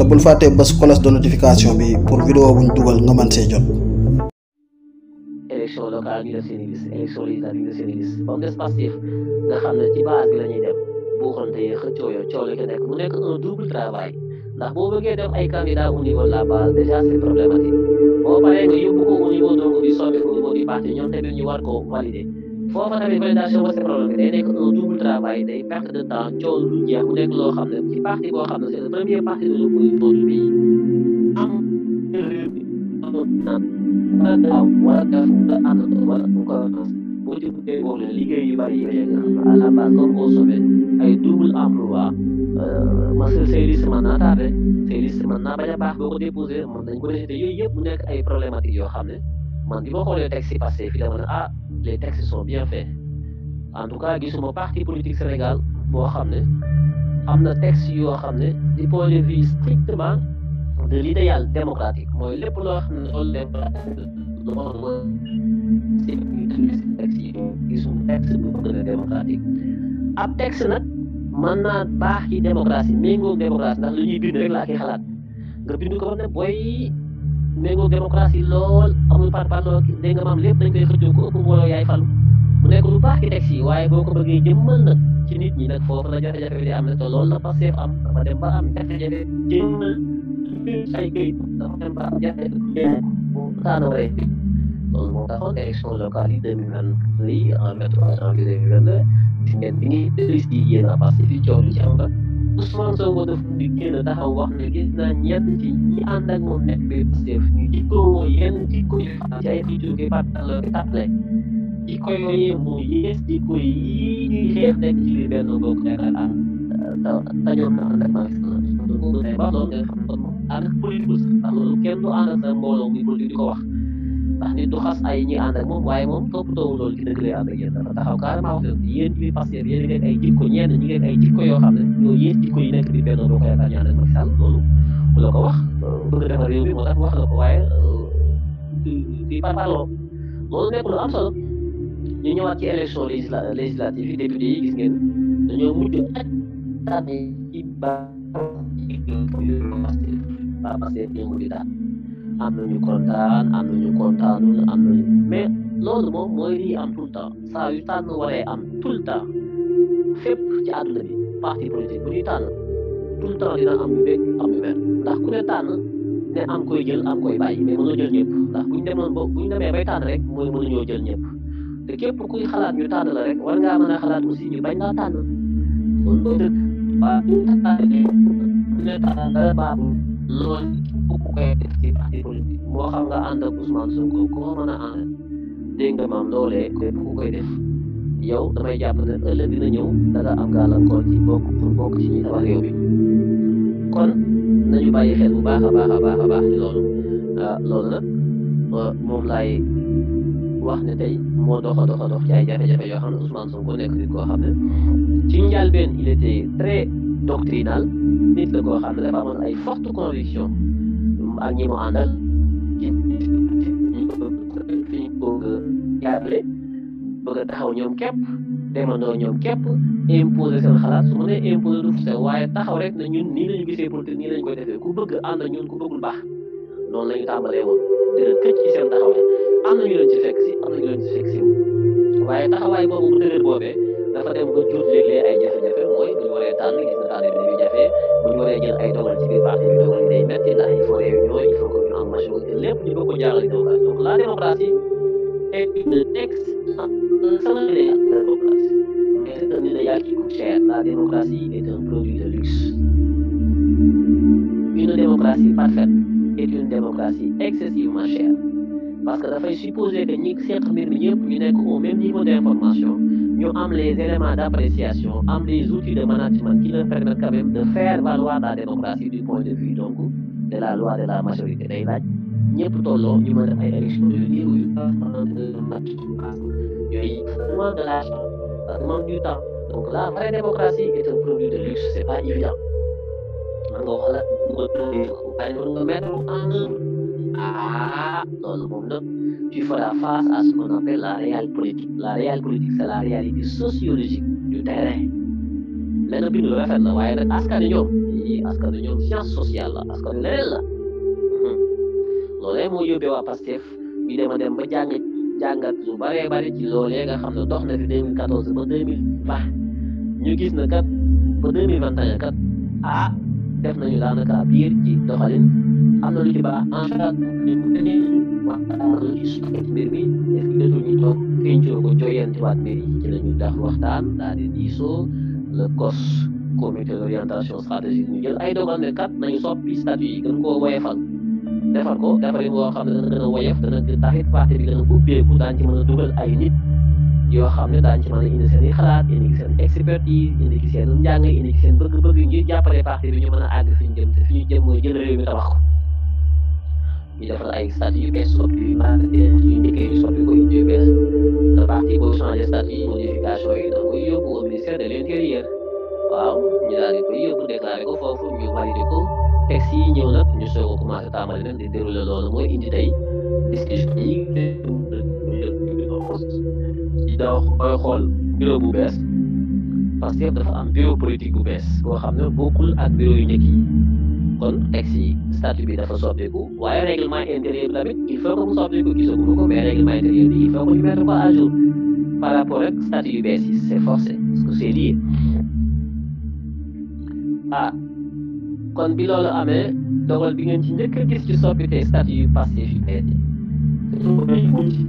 te bul fàttee bés cloche de notification bi pour vidéo buñ dugal nga mën see jot. élection locale ñu def seen i liste élection législative ñu def seen i liste comme des passif la ñuy dem bu xonte xëccoo yo nekk mu double travail ndax boo bëggee def ay candidat au niveau de la base déjà c'est problématique boo paree nga yóbbu ko au niveau donc du sommet au niveau du parti ñoom tamit ñu war koo valider. foofa tamit validation ba c'est problème bi day nekk un double travail day jeex mu nekk loo xam ne ci parti boo xam ne c'est le premier parti de l'opposition du pays mu wala daaw wala def nga ànd wala gouvernance boo ci buggee boobu la liggéey yu bëri yi nga nga xam a à la base comme au sommet ay double emploi ma say liste mën naa tardé say liste mën naa bañ a baax boo ko déposé mën nañ ko rejeté yooyu yëpp mu nekk ay problématiques yoo xam ne man bi ma xoolee texte yi passé dama ne ah les textes sont bien faits en tout cas gisuma parti politique Sénégal boo xam ne am na texte yoo xam du point de vue strictement de l'idéal démocratique mooy lépp loo xam ne loolu leen texte yi gisuma texte bu bëgg na démocratique ab texte nag mën naa baax ci démocratie méngoog démocratie ndax lu ñuy bind rek laa koy xalaat nga bind ko méngoo demokrasi lol amul par parloo dégg nga maam lepp dañ koy xëccoo ko ëpp mbooloo yaay falu mu nekk lu baax ci tek yi waye boko ko bëggee jëmmal nag ci nit ñi nak fofu la jafe-jafe bi di am nag te loolu la Pastef am dafa dem ba am jafe-jafe jëmmal ay këyit dafa dem ba am jafe-jafe bu taano way bi loolu moo taxoon élection locale yi deux mille vingt yi en vingt trois janvier deux mille vingt deux gis ngeen bi ci liste yi yéen a Pastef yi ci am nag Ousmane Sonko daf ñu génn taxaw wax ne gis na ñenn ci ñi ànd ak moom nekk bi Pastef ñu jikkoo yenn jikko yu faat ci ay xëccoo ki fàttal ki tàppale jikko yooyee moo yées jikko yi ñuy xeex nekk ci biir benn bokk yaakaar ànd tañoon na ànd ak Macky Sall Sonko day ba loolu nga xam kon moom ànd ak politique sax loolu kenn du ànd ak sa mbooloo muy politique di ko wax taxdidu tuhas ay ñi ànd ak moom waaye moom toppatoo loolu ci ada lay ànd ak yéen dafa taxaw carrément wax leen yéen ñuy Pastef yéen ngeen ay jikko ñenn ñi ngeen ay di benn boo ko yaakaar ñu ànd ak Macky Sall loolu bu kau wah wax bëgg di parparloo loolu lu am solo ñu ñëwaat ci élection législative yi député yi gis ngeen am na ñu kontaan am na ñu kontaanul am na mais loolu moom mooy lii am tout le temps yu tànn waree am tout ta temps ci àdduna bi parti politique bu ñuy tànn tout le temps dina am ñu bég am ñu mer ndax ku ne tànn ne am koy jël am koy bàyyi mais mënoo jël ñëpp ndax bu ñu demoon ba bu ñu demee bay tànn rek mooy mënuñoo jël ñëpp te képp kuy xalaat ñu tànn la rek war ngaa mën a xalaat aussi ñu bañ laa tànn loolu mooy dëgg ku ko mën a ànd yow damay jàpp ne ëllëg ñëw danga am gàllankoor ci bokk pour bokk ci ñi tabax réew kon nañu bàyyi xel bu baax a baax a baax a loolu loolu moom laay wax ne tey moo dox a dox ci ay jafe-jafe yoo xam ne Ousmane Sonko nekk nit koo xam ne ci njàlbeen il était très doctrinal nit la koo xam ne dafa amoon ay forte conviction accompagner en œuvre fi bëgg jaarale bëgg a taxaw ñoom képp demandoo ñoom képp imposer seen xalaat su ma nee imposer du forcé waaye taxaw rek na ñun nii lañu gisee politique nii lañu koy defee ku bëgg ànd ñun ku bëggul baax noonu lañu tàmbalee woon dëgg këcc ci seen taxawaay am na ñu leen ci fekk si am na ñu leen ci fekk si waaye taxawaay boobu bu dëgër boobee dafa dem ko jur léeg-léeg ay jafe-jafe mooy la démocratie est une démocratie mais c'est un qui coûte la démocratie est un produit de luxe une démocratie parfaite est une démocratie excessivement chère parce que ça fait supposer que ñi seq mbir mi ñu au même niveau d'information. Nous avons les éléments d'appréciation, nous am les outils de management qui nous permettent quand même de faire valoir la démocratie du point de vue donc de la loi de la majorité des laaj ñëpp tolloo ñu mën a def ay élection de libre yu pas de match moins de l'argent ça demande du temps donc la vraie démocratie est un produit de luxe ce n'est pas évident man nous devons nous mettre en œuvre à ah, dans le monde, tu feras face à ce la réelle politique. La réelle politique, c'est la réalité sociologique du terrain. lenn bind lu rafet la waaye nag askan ñoom askan ñoom science sociale la askan leneen la loolee moo yóbbee waa Pastef ñu dem a dem ba jàng jàngat lu bëree bëri ci loolee nga xam dox na fi 2014 ba 2020 ñu gis na kat ba 2021 kat ah def nañu daanaka biir ci doxalin am na lu ci baax en général ñun dañuy waxtaan lu ci sukkee ci mbir mi est-ce que jotul ñu toog pencoo ko mbir yi ci la ñu waxtaan daal di diisoo le COS comité d'orientation stratégique jël ay dogal ne kat nañu soppi statut yi gën koo woyefal defar ko defarin xam ne gën a woyef dana taxit parti bi gën a ubbeeku daan ci mën a dugal ay nit yoo xam ne daañu ci mën a indi seen i xalaat indi seen expertise indi seen njàng indi seen bëgg-bëgg ngir jàppale parti bi ñu mën a àgg fi ñu te fi ñu jëm mooy jël réew mi tabax ko ñu defal ay statut yu bees soppi yu mag yu njëkkee yu soppi ko indi yu bees te yi modification yi da de l' waaw ñu daal di koy ko foofu ñu validé ko texte yi ñëw nag ñu soog a commencé tàmbali nag di déroulé loolu mooy indi tey discussion yi. da koy xool bureau bu bees Pastef dafa am bureau politique bu bees boo xam ne bokkul ak bureau yu njëkk yi kon texte yi statut bi dafa soppeeku waaye règlement intérieur bi tamit il faut que mu soppeeku gisaguma ko mais règlement intérieur bi il faut que ñu mettre ko à jour par rapport ak statut yu bees yi c' est forcé parce que c' est lié ah kon bi loolu amee dogal bi ngeen ci njëkk a gis ci soppite statut yu Pastef yu bees yi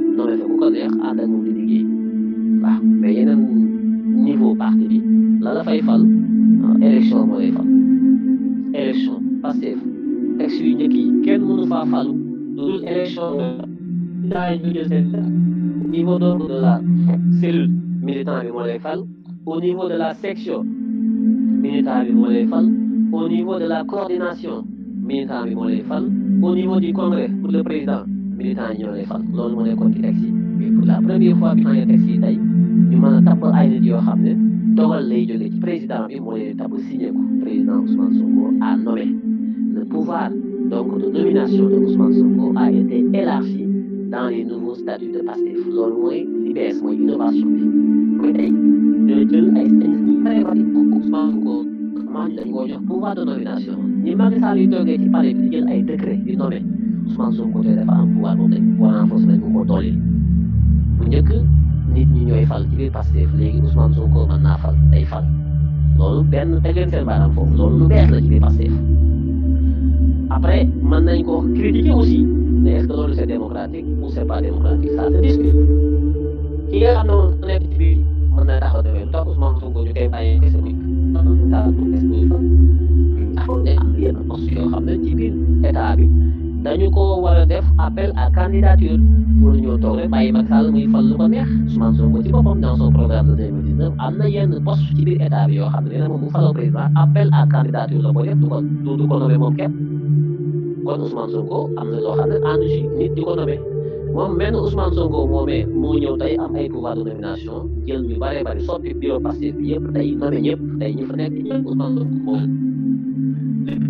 nommé ku ko neex ànd ak moom di mais yeneen niveau parti là la la fay élection moo lay fal élection Pastef ex yu njëkk yi kenn mënu faa falu loolu élection daa une jël au niveau de la cellule militant de moo lay au niveau de la section militant de moo lay au niveau de la coordination militant de moo lay au niveau du congrès pour le président militants yi ñoo lay fal loolu moo nekkoon ci texte mais pour la première fois bi xamee texte yi tey ñu mën a tabb ay nit yoo xam ne dogal lay jógee ci président bi moo lay tabb signé ko président Ousmane Sonko a nommé le pouvoir donc de nomination de Ousmane Sonko a été élargi dans les nouveaux statuts de Pastef loolu mooy li bees mooy innovation bi mooy tey ñoo jël ay très rapide Ousmane Sonko maa ngi leen jox pouvoir de nomination ñi Macky Sall yu toogee ci palais bi di jël ay décret di nommé Ousmane Sonko tey dafa am pouvoir boobu dañ ko renforcer dañ ko koo dooleel bu njëkk nit ñi ñooy fal ci biir Pastef léegi Ousmane Sonko mën naa fal day fal loolu benn teg leen seen baaraam foofu loolu lu bees la ci biir Pastef après mën nañ ko critiquer aussi ne est-ce que loolu c'est démocratique ou c'est pas démocratique ça se discute ki nga xam ne moom nekk ci biir mën na taxaw demee lu tax Ousmane Sonko ñu koy bàyyi kese bi daal du est-ce que ñu fal. xam ne am na yenn postes yoo xam ne ci biir état bi. dañu ko war a def appel a candidature pour ñoo toog rek bàyyi Macky Sall muy fal lu ko neex Ousmane Sonko ci boppam dans son programme de 2019 am na yenn poste ci biir état bi yoo xam ne na moom mu faloo président appel à candidature la ko def du ko du moom kenn kon Ousmane Sonko am na loo xam ne ànd ci nit di ko nommé moom benn Ousmane Sonko moomee moo ñëw tey am ay pouvoir de nomination jël ñu bëree soppi bureau Pastef yëpp tey nommé ñëpp tey ñu fa nekk ñëpp Ousmane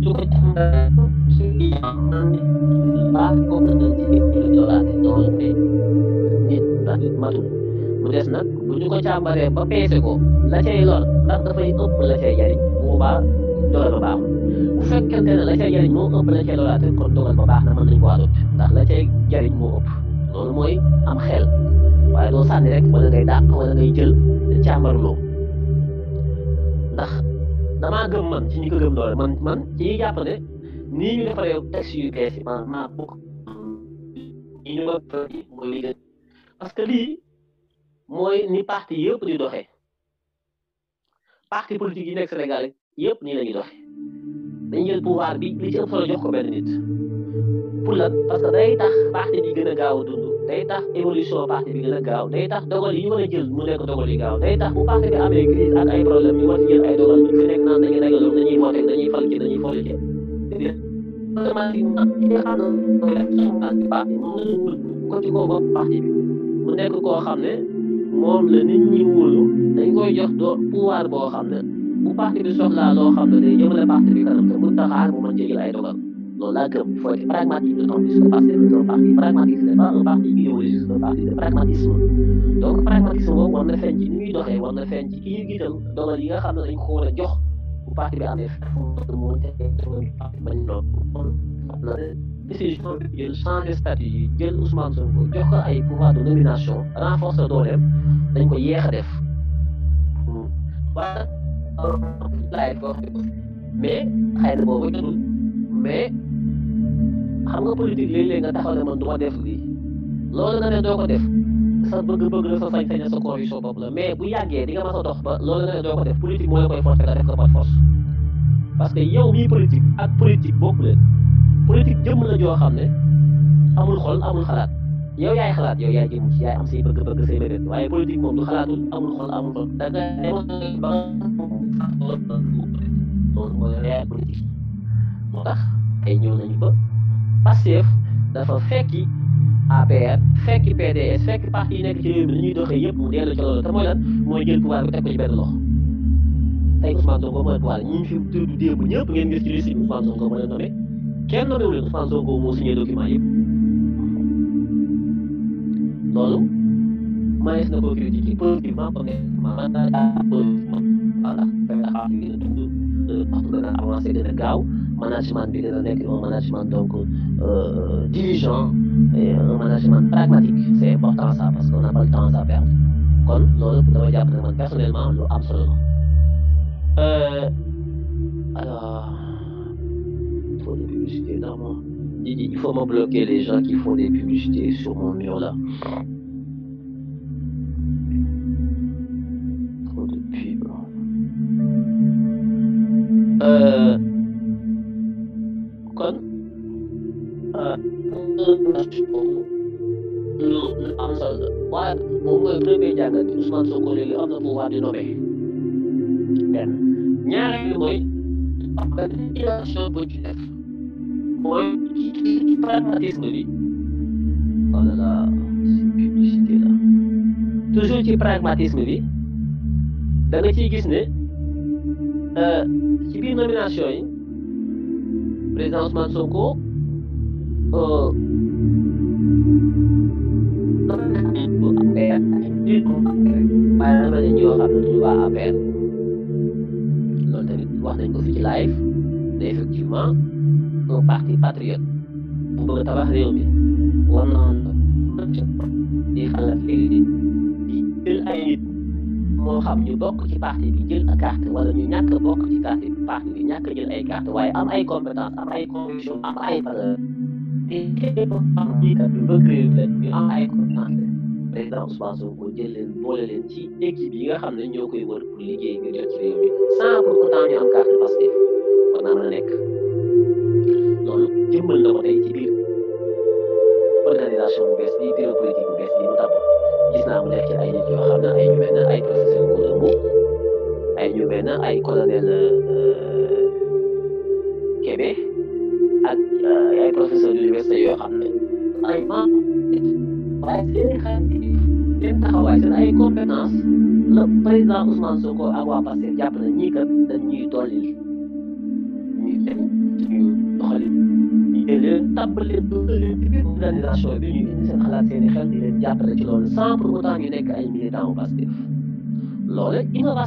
mu des nag bu ñu ko càmbaree ba peese ko la cay lor ndax dafay ëpp la cay jariñ bu baax a ba baaxul bu fekkente ne la cay jariñ moo ëpp la cay loraate kon dogal ba baax na mën nañu ko adot ndax la cay jariñ moo ëpp loolu mooy am xel waaye doo sànni rek wala ngay dàq wala ngay jël te càmbaruloo damaa gëm man ci ñi ko gëm doole man man ci ñi jàpp ne nii ñu defaree texte yu bees yi man ma mooy li parce que lii mooy ni parti yëpp di doxee parti politique yi nekk Sénégal yëpp nii la ñuy doxee dañu jël bi li ci ëpp solo jox ko benn nit pour parce que day tax parti bi gën gaaw a dund day tax évolution parti bi gën a gaaw day tax dogal yi ñu war a jël mu nekk dogal yi gaaw day tax bu parti bi amee crise ak ay problème ñu war ci jël ay dogal ñu fi nekk naan dañuy réglé loolu dañuy voté dañuy fal ci dañuy fole ci automatiquement ki nga ne parti bi mu nekk koo xam ne moom la nit ñi wóolu dañ koy jox doo pouvoir boo xam ne bu parti bi soxlaa xam ne day jëmale parti bi kanam te mun taxaar bu mën ci ay dogal loolu laa gëm il faut être pragmatique d'autant plus parti pragmatique c'est parti idéologique pragmatisme donc pragmatisme war na feeñ ci ni muy war na feeñ ci kii itam dogal yi nga xam ne dañ ko war a jox bu parti bi amee foofu moo tee parti bañ lool am na décision bi jël changer statut yi jël Ousmane Sonko jox ko ay pouvoir de nomination dooleem dañ ko yéex a def waaye laay mais xëy na boobu xam nga politique léeg-léeg nga taxaw ne man du def lii loolu ne doo ko def sa bëgg-bëgg la sa sañ-sañ sa conviction bopp la mais bu yàggee di nga mas a dox ba loolu ne doo ko def politique moo koy forcer nga def ko par force parce que yow mii politique ak politique bokk leen politique jëmm joo xam ne amul xol amul xalaat yow yaay xalaat yow yaay jëm ci yaay am say bëgg-bëgg say bëgg waaye politique moom du xalaatul amul xol amul xol da nga ba loolu mooy réel politique moo tax tey ñëw nañu ba Pastef dafa fekki APR fekki PDS fekki parti yi nekk ci réew mi ni ñuy doxee yëpp mu dellu ci loolu te mooy lan mooy jël pouvoir bi teg ko ci benn loxo tey Ousmane Sonko mooy pouvoir ñi fi tudd ngeen gis ci liste bi Ousmane Sonko moo leen nommé kenn nommé wu leen Ousmane Sonko moo signé document yëpp loolu maa na ko critiquer positivement comme man daal daa positivement voilà dana avancé dana gaaw. management bi dina un management donc euh, euh diligent et un management pragmatique c'est important ça parce qu'on n'a pas le temps à perdre comme l'autre dama personnellement absolument. Euh. alors Il publicité dans il faut me bloquer les gens qui font des publicités sur mon mur là Ousmane Sonko léegi am na pouvoir di nommer benn ñaareel mooy am na innovation boo ci def mooy ci pragmatisme bi oh là là publicité la toujours ci pragmatisme bi da nga ciy gis ne euh, ci biir nomination yi président Ousmane Sonko. Euh, waaye dafa leen ñoo xam ne duñu waa APR wax nañ ko fi ci live ne effectivement un parti patriote mu bëgg a tabax réew mi war na di xalaat léegi di jël ay nit moo xam ñu bokk ci parti bi jël carte wala ñu ñàkk bokk ci carte parti bi ñàkk jël ay carte waaye am ay compétence am ay conviction am ay valeur te ko am ñi kat ñu ay compétences par exemple Ousmane Sonko leen boole leen ci équipe yi nga xam ne ñoo koy wër pour liggéey ñu jot ci réew mi sans nekk loolu jëmmal na ko tey ci biir organisation bu bees bi bureau mu tàbb ay nit yoo xam ne ay ñu mel ne ay professeur Goudamou ay ñu mel ay colonel Kébé ak ah, ay professeur d'université yoo xam ne ay waaye seen i xarit seen taxawaay seen ay compétence la président Ousmane Sonko ak waa Pastef jàpp na ñii kat dañ ñuy dolli ñuy dem suñu doxalin ñu jël leen tàmbali leen biir organisation xalaat seen xel di leen jàppale ci loolu sans pour autant ñu nekk ay militants Pastef loolu la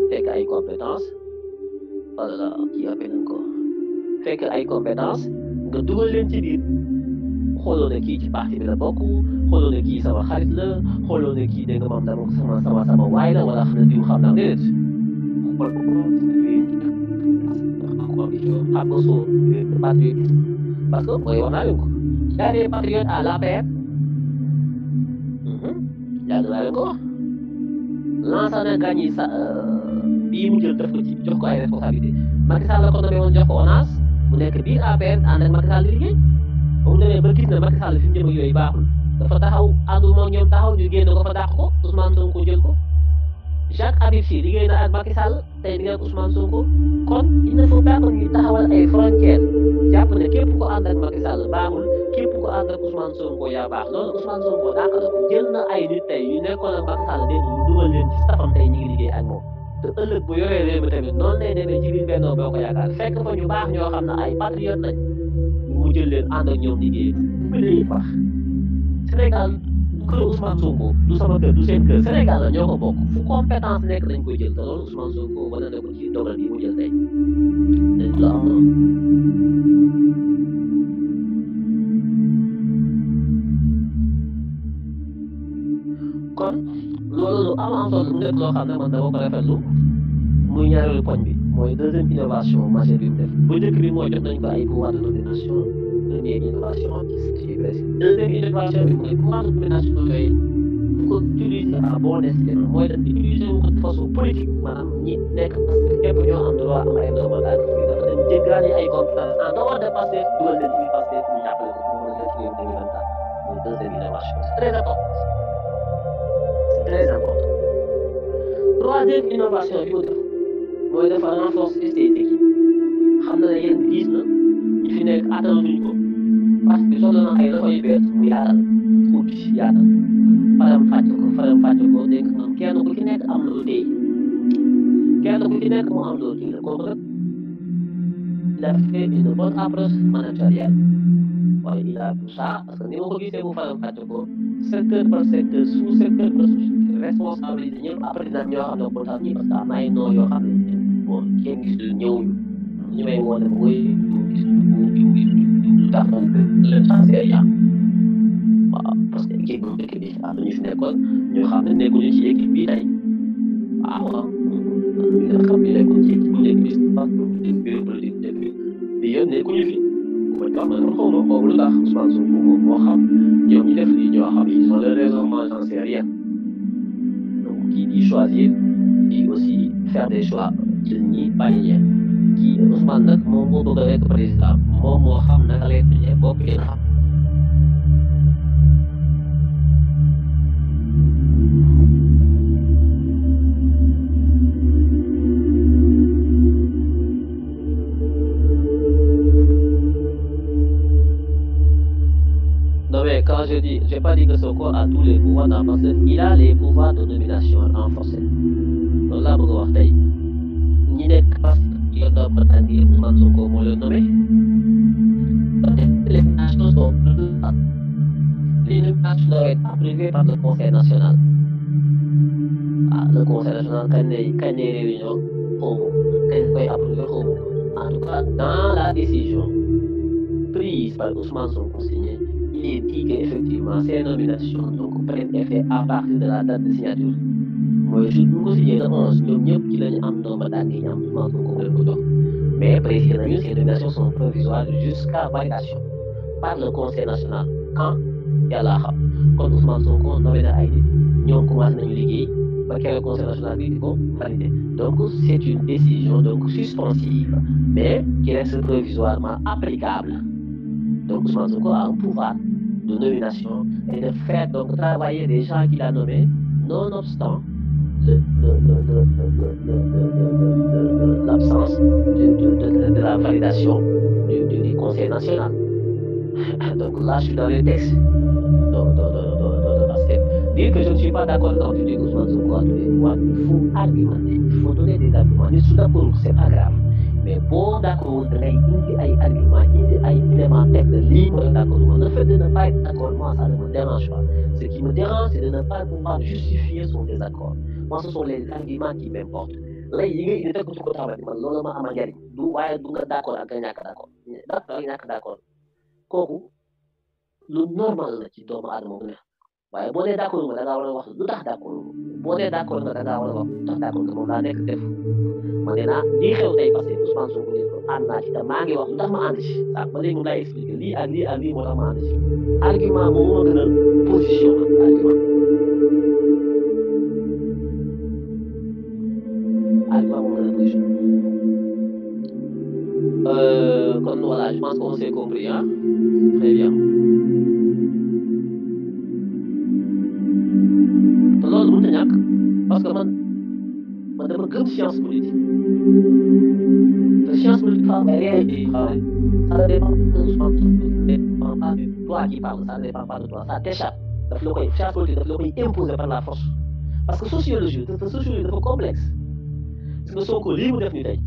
fekk ay compétence voilà yóbbee nañ ko fekk ay compétence nga dugal leen ci biir xooloo na kii ci parti bi la bokk xooloo na kii sama xarit la xooloo na kii dégg nga moom sama sama sama waay la wala xam na diw xam naa déedéet xool ko xam parce que wax naa leen ko yaa des patriotes bii mu jël def ko ci jox ko ay responsabilité Macky la ko nommé woon jox ko ONAS mu nekk biir APR ànd ak Macky Sall di liggéey ba mu demee ba gis na Macky Sall fi mu yooyu baaxul dafa taxaw àndul moo ñoom taxaw ñu génn ko fa dàq ko Ousmane Sonko jël ko Jacques Habib Sy liggéey na ak Macky Sall tey liggéey ak Ousmane Sonko kon il ne faut pas que ñu taxawal ay frontières ne képp ko ànd ak Macky baaxul képp ko ànd ak Ousmane Sonko yaa baax loolu Ousmane Sonko dàq jël na ay nit tey yu nekkoon ak Macky Sall démb mu dugal leen ci safam ñu ngi liggéey ak moom. te ëllëg bu yoree réew mi tamit noonu lay demee ci biir Benno Bokk Yaakaar fekk ñu baax ñoo xam ne ay patriote lañ mu jël leen ànd ak ñoom liggéey bi lay fax Sénégal kër Ousmane du sama kër ñoo ko fu compétence nekk dañ koy jël te loolu Ousmane Sonko wane na ko dogal bi mu jël tey dëgg la loolu lu am am solo mu nekk loo xam ne man dama ko rafetlu muy ñaareelu poñ bi mooy deuxième innovation majeure bi mu def bu njëkk bi mooy jot nañ ko ay pouvoir de nomination première innovation qui deuxième innovation bi mooy pouvoir de nomination yooyu bu ko utiliser à bon escient mooy dañ utiliser wu ko de façon politique maanaam ñi nekk parce que képp ñoo am droit am ay doomu daal fii dafa dem jéggaani ay compétence en dehors de passé dugal leen fii passé ñu jàppale ko pour mën a def deuxième innovation c'est très important très important troisième innovation bi mu def mooy dafa renforcer ses équipes xam na ne yéen gis na ñu fi nekk ko parce que soxla na ay loxo bees mu yaatal ubbi yaatal faram fàcc ko faram fàcc ko dégg nga kenn ku ci nekk am na lu tey kenn ku nekk moo am loo téye kooku nag il a fait une bonne approche managériale waaye il a tout ça parce que ni ma ko gisee ko. secteur par secteur sous secteur par sous responsabilité ñëpp après dina ñoo xam ne ko tax ñi parce que am na ay noon yoo xam ne bon kenn gisul ñëwuñu ñu may woon def woy gis ñu gis ñu xam ne nekkuñu ci équipe bi tey nekkuñu ci équipe bu nekkuñu fi mooy tax na xaw ma boobu la tax Ousmane Sonko moo xam ñoom ñi def lii xam ils sont les raisons moi j'en sais rien donc qui dit choisir dit aussi faire des choix jël ñi kii Ousmane nag moom moo bëgg a nekk président moom moo xam naka lay tuñee bopp ngeen Mais quand je dis, je n'ai pas dit que Soko a tous les pouvoirs dans il a les pouvoirs de nomination renforcés. Donc là, vous le dit, ni les classes, il y a des mouvements Soko pour le nommer. Les nations sont Les nations doivent être approuvées par le Conseil national. Ah, le Conseil national, quand il y a des réunions, quand il approuvé, en tout cas, dans la décision prise par Ousmane Soko, signée il est dit qu'effectivement, ces nominations donc, prennent effet à partir de la date de signature. Mais je bi ñu le mieux que ci la ñu am nombre d' mais ces nominations sont provisoires jusqu'à validation par le conseil national quand Il yàlla xam kon Ousmane Sonko nommé na ay nit ñoom commencé nañu bah, parce que le conseil national dit ko validé donc c'est une décision donc suspensive mais qui reste provisoirement applicable donc Ousmane Sonko a un pouvoir de nomination et de faire donc travailler des gens qu'il a nommés, nonobstant l'absence de, la validation du, Conseil national. Donc là, je suis dans le texte. donc Dire que je ne suis pas d'accord quand tu dis Ousmane quoi tu il faut argumenter, il faut donner des arguments. mais suis d'accord, c'est pas grave mais pour d'accord da ngay a ay arguments il ay éléments des na libre d'accord le fait de ne pas être d'accord moi ça ne me dérange pas ce qui me dérange c'est de ne pas pouvoir justifier son désaccord moi ce sont les arguments qui m'importent Là, il est indi que tu ci ko taxaw man ma amal njariñ du du d'accord ak d'accord d'accord d'accord kooku normal qui ci à aadama bu waaye boo dee d'accord nga waktu ngaa dah a wax lu tax d'accord boo dee d'accord nga da ngaa war a wax lu tax d'accord nga moom laa nekk def ma ne naa lii xew tey parce que Ousmane Sonko ne ko ànd naa ci te maa ngi dengan. lu tax ma ànd ci ak ba léegi mu lay compris hein très bien parce que man man dama gëm science politique te science politique dafa am ay da yu xaw ça dépend de dépend pas de toi qui parle ça dépend pas de toi ça t'échappe daf la koy science politique daf la koy imposer par la force parce que sociologie te sociologie dafa complexe parce que soo ko lii def ni tey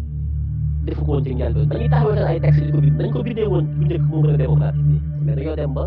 defu ko woon ci njëlbeen dañuy taxawal ay textes yu ko bind dañ ko bindee woon bu njëkk moo gën a démocratique mais dañoo dem ba.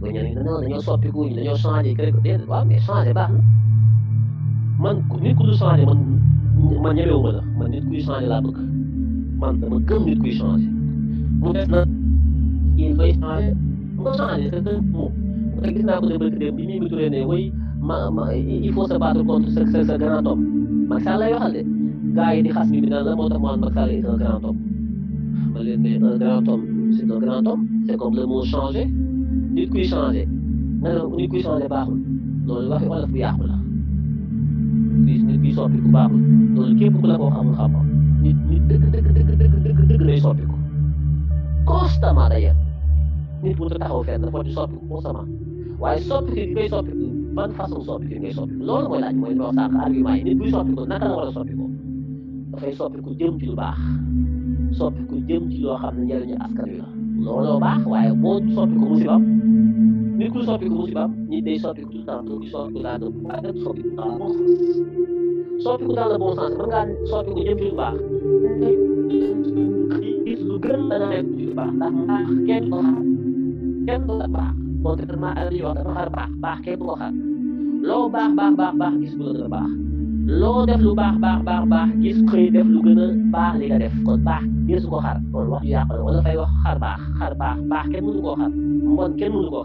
nga ñëw ne non dañoo soppiku ñu dañoo changé kër ga waaw mais changé baax man nit ku du man man ñemewu la man nit kuy changé laa bëgg man dama gëm kuy changé mu des nag il fay changé sa gën moom te gis naa ko ne bëgg dem ma ma il faut contre sa sa grand homme Macky Sall lay waxal de gars xas mi bi naan la moo tax man Macky Sall est un grand homme ma leen ne un grand homme c'est un grand homme c'est comme le mot nit kuy changé nelaw nit kuy changé baaxul loolu waxi wolof bu yàqu la nit nit kuy soppiku baaxul loolu képp ku la koo xamul xam-xam nit nit dëgg dëgg dëgg dëgg dëgg dëgg day soppiku constamment d'ailleurs nit bu taxaw fenn dafa di soppiku constamment waaye soppiku bi ngay soppiku ban façon soppiku ngay soppiku loolu mooy laaj mooy loo sànq argument yi nit buy soppiku naka la war a soppiku dafay soppiku jëm ci lu baax soppiku jëm ci loo xam ne njëriñu askan wi la looloo baax waaye boo soppiku musibam Ele cruzou a pergunta e me dei só perguntando, só perguntando, ada só perguntando, só perguntando a bolsa, só perguntando de bar. Isso grande na de bar, na marca do bar, que do bar, quando terma ali o bar, bar, apa? lo bah bah bah bah isso do Lo def lu bah bah bah bar, isso que def lu liga def, kot bah, isso go har, ya, quando fay wax har bar, har bar, bar que do go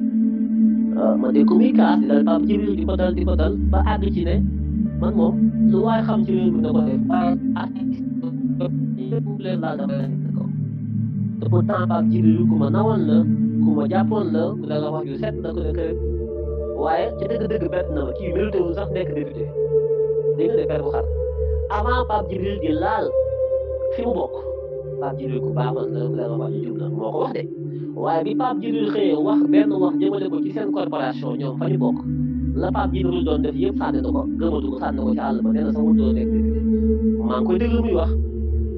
đi thì cũng biết communication daal Pape Djibril di ko dal di ko dal ba àgg ci ne man moom lu waay xam ci réew mi nga ko def waaye artiste yëpp leen laa dama leen ko te pourtant Pape Djibril ku ma nawoon la ku ma jàppoon la la la wax yu set la ko nekk waaye ci dëgg-dëgg bett na ma kii mérité wul sax nekk député dégg nga bu xar avant Pape Djibril di laal fi mu bokk Pape Djibril ku baaxoon la la wax yu jub la moo ko wax de waaye bi Pape Djibril xëyee wax benn wax jëmale ko ci seen corporation ñoom fa ñu bokk la Pape Djibril doon def yëpp sànni na ko gëmatu ko sànni ko ci àll ba nee na sax mu doon nekk maa ngi muy wax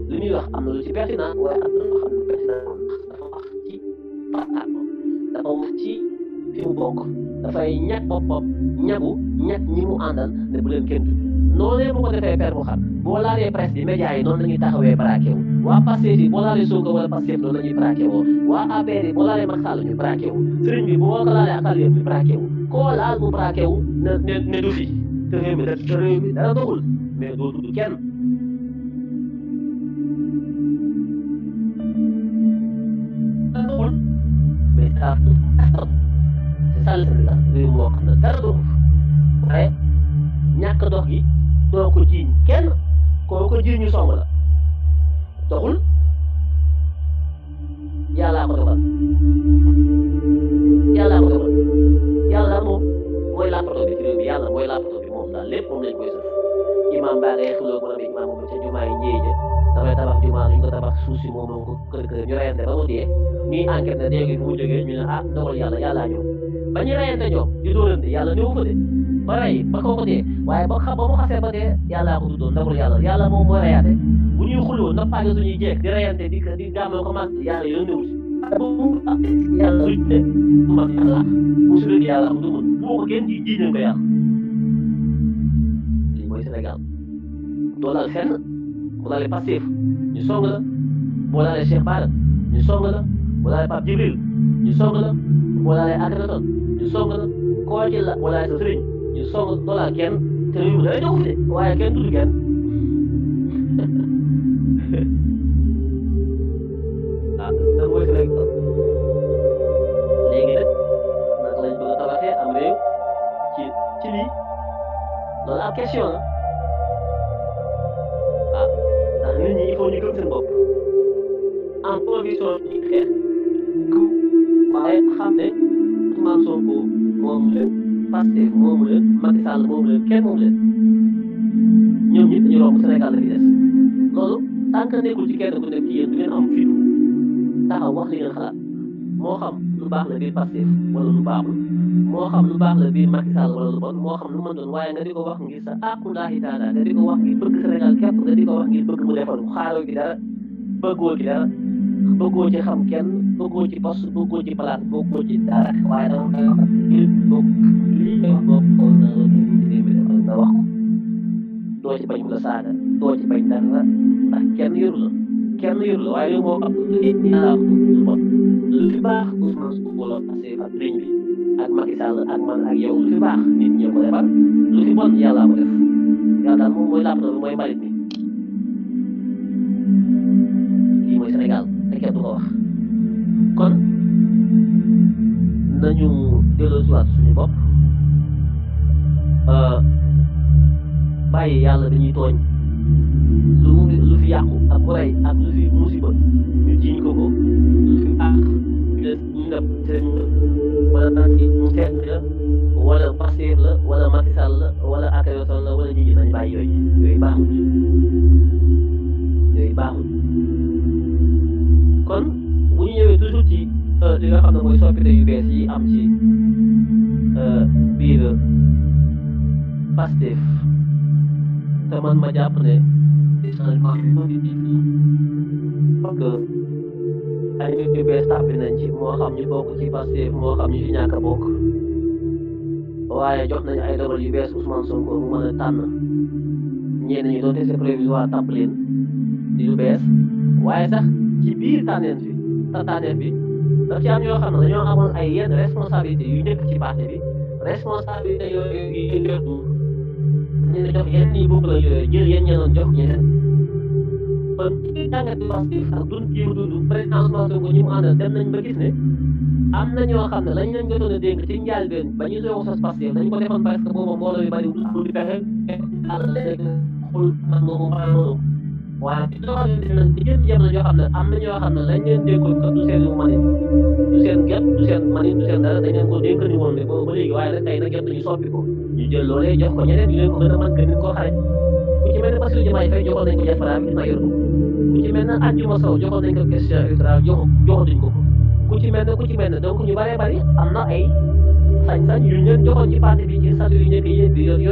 li muy wax am na lu ci pertinent waaye am na loo xam dafa wax ci fi mu bokk dafay ñàkk boppam ñagu ñàkk ñi mu àndal ne bu noonee bu ko defee per bu xat boo laalee presse bi médias yi noonu la ñuy taxawee braqué wu waa Pastef yi boo laalee Sonko wala Pastef noonu la waa APR yi boo laalee Macky Sall ñu braqué wu sëriñ bi boo ko laalee ak Sall ne ne ne du te réew mi te réew dara doxul mais doo tudd kenn mais daa tudd c'est dara doxul waaye ñàkk dox doo ko jiiñ kenn koo ko jiiñ ñu song ko dogal yàllaa ko dogal moom mooy làppato bi ci réew mi yàlla mooy moom daal lépp moom lañ koy sëf imaam baa ngay xuloo ko rëbbi imaam moom ca jumaa yi njëy ja damay tabax jumaa ñu ko tabax suuf moom moom kër kër ñu reyante ba mu dee ñuy enquête ne dégg mu jógee ñu ne ah dogal yàlla yàllaa ba ñu reyante ñoom di dóorante yàlla ñëw fa ba rey ba kooku a waaye ba xa ba mu xasee ba dee yàlla yàlla moom mooy reyaate bu ñuy xuloo na paage suñuy di reyante di di ko mag yàlla yónnewu ne ah, mag yàlla bu su dee yàlla ko dumun boo ko kenn ji jiiñal ko yàlla lii mooy Sénégal doo laal fenn mu laale Pastef ñu song la boo laalee Cheikh Bara ñu song la boo laalee Pape Djibril ñu song la boo laalee Akhenaton ñu song la koo ci ñu solo dolaa kenn te réew mi day dox fi de waaye kenn dudu kenn ah da mooy rek léegi nag naka lañ bëgg a tabaxee am réew ci ci lii loolu ab question la ah ndax nit ñi il faut ñu gëm seen bopp en condition ñu xeex waaye xam ne Ousmane Sonko moom lépp Pastef moomu leen Macky Sall moomu leen kenn moomu leen ñoom ñëpp dañu romb Sénégal la fi des loolu tant que nekkul ku nekk ci yéen du ngeen am fit taxaw wax li ngeen xalaat moo xam lu baax la biir Pastef wala lu baaxul moo xam lu baax la bi Macky Sall wala lu bon moo xam lu mën doon waaye nga di ko wax ngir sa àqu ndaaxi taala nga di ko wax ngir bëgg Sénégal képp nga di ko wax ngir bëgg mu defaru xaaroo ci dara bëggoo ci dara bëggoo ci xam kenn bëggoo ci poste bëggoo ci palaat bëggoo ci dara waaye da nga xam boobu xool ñu defal nga wax ko doo ci bañ la saaga doo ci bañ kenn yoru la kenn yoru la yow lu bon lu baax Ousmane Sonko wala Pastef ak réñ bi ak Macky Sall ak man ak yow lu fi baax nit ñi ko defar lu fi bon yàlla ko def yàlla moom mooy làpp mooy mbalit bi ak ko wax kon nañu delloosiwaat suñu bopp bàyyi yàlla dañuy tooñ lu lu fi yàqu ak ku rey ak lu fi musiba ñu jiñ ko ko lu fi àq ñu def seen wala nanti mu seet la wala Pastef la wala Macky la wala Akhenaton la wala jigéen nañ bàyyi yooyu yooyu baaxul yooyu baaxul kon bu ñu ñëwee toujours ci euh, li nga xam ne mooy soppite yu bees yi am ci euh, biir Pastef te man ma jàpp ne des changements yu bëri que ay nit xam ñu bokk ci Pastef moo xam ñu ci ñàkk a bokk waaye jox nañu ay dogal yu bees Ousmane Sonko mu mën a tànn ñenn ñi doonte c'est provisoire tàpp leen. di lu bees waaye sax ci biir tànneef bi tànneef bi daf ci am ñoo xam ne dañoo amoon ay yenn responsabilité yu nekk ci parti bi responsabilité yooyu yu ñu ñu jox yenn yi bokk la jël yéen ña doon jox ñeneen kon ci jàngat bi Pastef ak dund gi mu dund président Ousmane Sonko ñi mu àndal dem nañ ba gis ne am na ñoo xam ne lañ leen jotoon a dénk ci njàlbeen ba ñu doon sos Pastef dañ ko defoon parce que boobu mbooloo yu bari wul di pexe xul man moomu waaye ci doxal yonent yi ngeen jamono joo xam ne am na ñoo xam ne lañ leen déggoon ko du seen mani du seen gert du seen mani du seen dara dañ leen ko dénk ni woon ne boobu ba léegi waaye nag tey nag gert ñu soppi ko ñu jël loolee jox ko ñeneen ñu leen ko gën a mën gën koo xarañ ku ci mel ne Bassirou Diomaye Faye joxoon nañ ko jafaraa mi dina yor ko ku ci mel ne Adjuma Sow joxoon nañ ko question électorale jox joxatuñ ko ku ci mel ne ku ci mel ne donc ñu bëree bëri am na ay sañ-sañ yu ñu leen joxoon ci parti bi ci statut yu nekk yëpp yooyu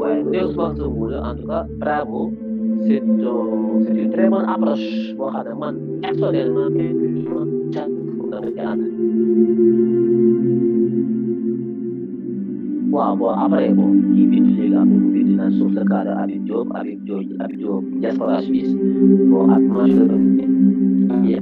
waaye bu dee Ousmane Sonko la en tout cas bravo c' est c' est une très bonne approche boo xam ne man personnellement tey jii man caa waaw kii bi léegi am na lu dina suuf le cadre Habib Diop Habib Diop Habib Diop diaspora mais il y a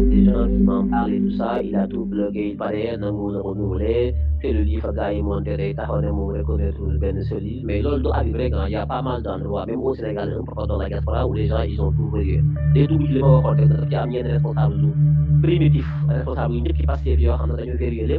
des gens qui m'ont parlé de tout ça. Il a tout bloqué, il paraît, non, vous le renouvelé C'est le livre qui est monté, t'as fait un mot reconnaître le ce solide. Mais l'autre a arriver quand il y a pas mal d'endroits, même au Sénégal, un dans la diaspora, où les gens, ils ont tout brûlé. Des doubles, il y a un responsable primitif, un responsable qui passe ses vieux, on a eu les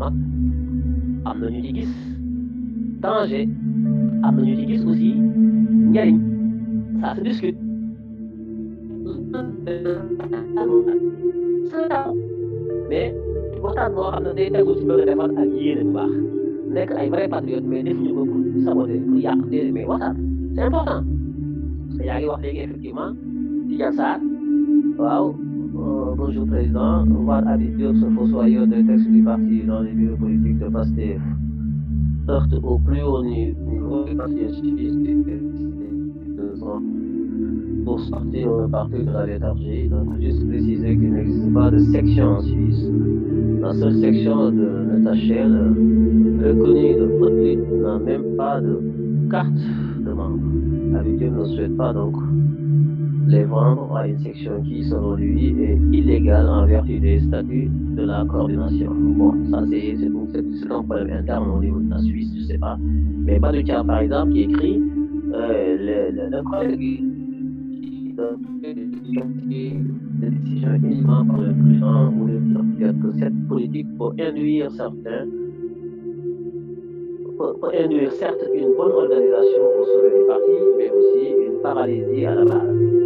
mag am na ñu ci gis danger am na ñu ci gis aussi njariñ ça se discute mais waxtaan boo xam ne day tegu ci bëgg a defar ak yéene bu baax nekk ay vrai patriote mais defuñu ko pour saboter pour yàq déedéet mais waxtaan c'est important parce que yaa ngi wax léegi effectivement Tidiane Sarr waaw Euh, bonjour Président. voilà habitude, ce fossoyeur de texte du parti dans les bureaux politiques de PASTEF Sorte au plus haut niveau du parti civil depuis deux ans pour sortir un parti de la léthargie. Donc, juste préciser qu'il n'existe pas de section en Suisse. La seule section de le reconnue de produit, n'a même pas de carte de membre. L'habitude ne souhaite pas donc les vendre à une section qui, selon lui, est illégale en vertu des statuts de la coordination. Bon, ça c'est un problème interne au niveau de la Suisse, je ne sais pas. Mais cas par exemple, qui écrit le, collègue qui a qui des décisions uniquement par le président ou le que cette politique pour induire certains pour, induire certes une bonne organisation pour sauver les partis mais aussi une paralysie à la base.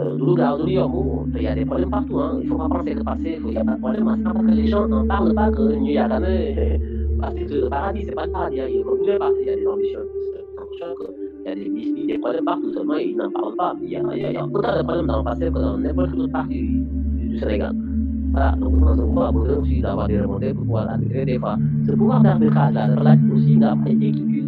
Il y a des problèmes partout il ne faut pas penser que passé, il n'y a pas de problème c'est parce que les gens n'en parlent pas que York yaakaar parce que le paradis c'est pas le paradis il y a pas il y a des ambitions il y a des disputes des problèmes partout seulement ils n'en parlent pas il y a il autant de problèmes dans le passé que dans n'importe quel autre parti du Sénégal voilà donc on se besoin aussi d'avoir des remontées pour pouvoir intégrer des fois ce pouvoir d'arbitrage là relève aussi d'un équilibre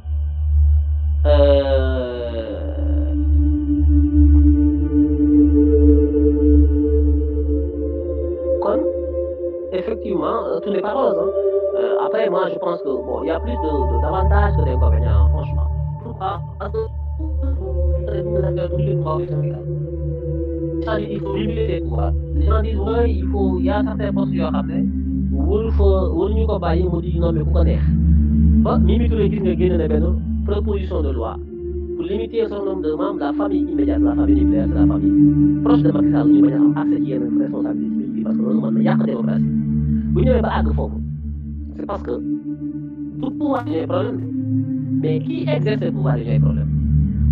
Euh... Comme, effectivement, euh, tout n'est pas rose. Hein. Euh, après, moi, je pense que bon, il y a plus d'avantages que d'inconvénients, franchement. Pourquoi Parce que il faut limiter quoi les gens disent oui il faut il y a certains postes ont xam ou il faut ou nous compagnie bàyyi dit non mais ku ko neex ba Mimi Touré gis nga génne na benn proposition de loi pour limiter son nombre de membres la famille immédiate la famille nucléaire c'est la famille proche de Macky Sall ñu am parce que loolu mën na yàq démocratie bu parce que tout pouvoir yi ñooy problème mais qui exerce pouvoir yi ñooy problème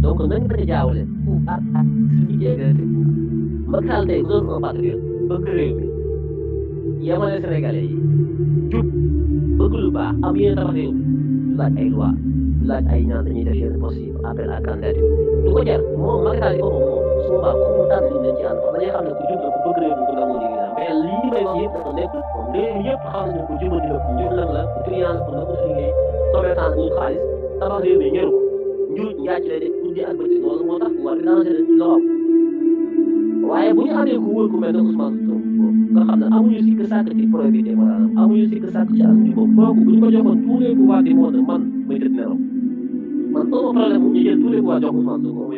donc nañ bañ a qui exerce pouvoir Macky Sall tey bu doon un patriote bëgg réew mi yemale Sénégalais yi jub lu baax am yéen tabax réew mi ay loi laaj ay ñaan dañuy def yenn poste yi du ko jar moom Macky Sall boobu moom su boobaa ku mu tànn liñ leen ci ànd dañuy ku jub la ku bëgg réew ku nangoo liggéey mais lii may ku jubadi la ku njub lan la ku triange ku nangu liggéey commerçant bu xaalis tabax réew mi ñëru nga xam ne amuñu sikk sàkk ci probité maanaam amuñu sikk sàkk ci ak njubam kooku bu ñu ko man muy nelaw man amoo problème bu ñu jël tous les pouvoirs jox Ousmane Sonko amuñu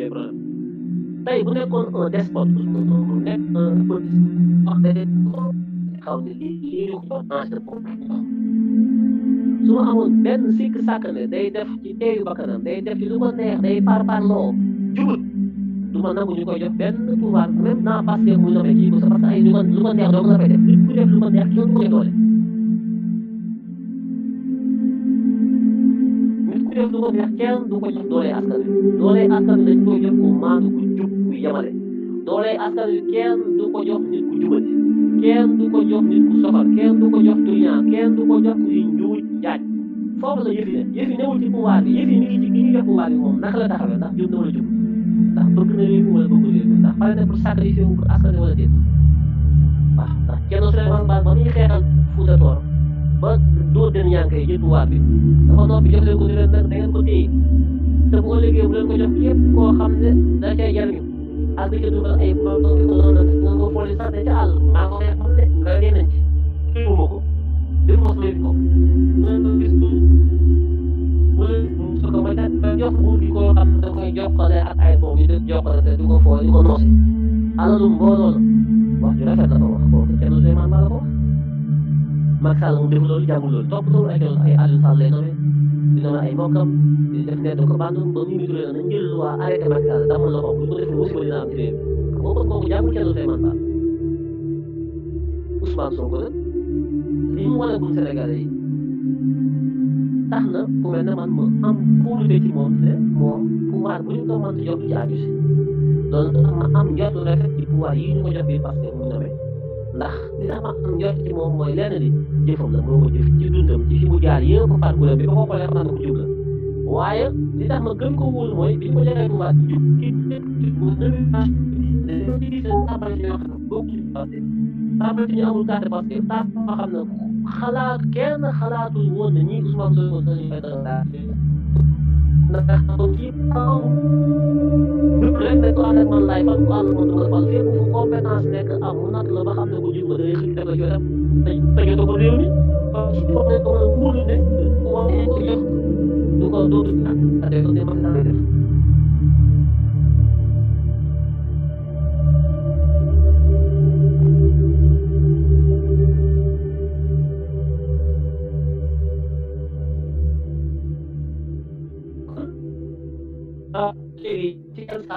bu nekkoon un despote nekk un politique wax dëgg xaw ne lii lii ñu ko enjeu boobu su ma amoon benn sikk ne day def ci teeyu bakkanam day def ci lu neex day par parloo duma nangu ñu koy jox benn pouvoir même naa passé mu nommé kii ko sa parce que ay lu ma lu ma neex doo ko la koy def nit ku def lu ma neex kenn ko doole nit ku def lu ma neex kenn du ko jox doole askan wi doole askan wi dañ koy jox ku maandu ku jub ku yemale doole askan wi kenn du ko jox nit ku jubati kenn du ko jox nit ku soxal kenn du ko jox tuñaa kenn du ko jox kuy njuuj njaaj foofu la yëfi ne yëfi newul ci pouvoir bi yëfi mi ngi ci ki ñu jox pouvoir bi moom naka la taxawee ndax jub na wala jub ndax bëgg na réew mi wala bëggul réew mi ndax pare na pour sacrifier wu pour askan wala déet waaw ndax kenn Souleymane Ba ba muy xeexal Fouta Toor ba doo dem ñànk yi jënd waat bi dafa noppi jox leen ko ni leen nag da ngeen ko téye te boo liggéey bu leen ko jox képp koo xam ne da cay jariñu ak di ca dugal ay produits yu ko doon def nga ko fooli sax dañ ca àll maa ko fee xam ne nga dee nañ ci. ko def mos léegi ko. ko mooy ko foo kenn Souleymane Ba la ko wax Macky Sall ko bànn ba mu mutuelle na tax na ku mel ne man ma am kóolute ci moom te moom pouvoir bu ñu ko mën a jox jaaju ma am njort rafet ci pouvoir yi ñu ko jox bi parce que mu demee ndax li tax ma am njort ci moom mooy lenn li jëfam la moo ko jëf ci dundam ci fi mu jaar yéen ko parcours bi ba ko xoolee xam naa ne ko jub la waaye li tax ma gën ko wóolu mooy bi ñu ko joxee pouvoir ci jub kii ci ci ñu amul carte parce que xam na xalaat kenn xalaatul woon ne ñii Ousmane Sonko dañu fay dara daal ndax xam kii aw dëpp rek ne ko ànd ak man laay fan ko ànd man dugal fal fépp fu compétence nekk am mu natt la ba xam ne bu jub ba day xëy teg la coo dem dañ tege ko réew mi parce que foofu ko mën a wóolu ne wax ko jëf du ko dootu ñàkk te ko ne mën naa def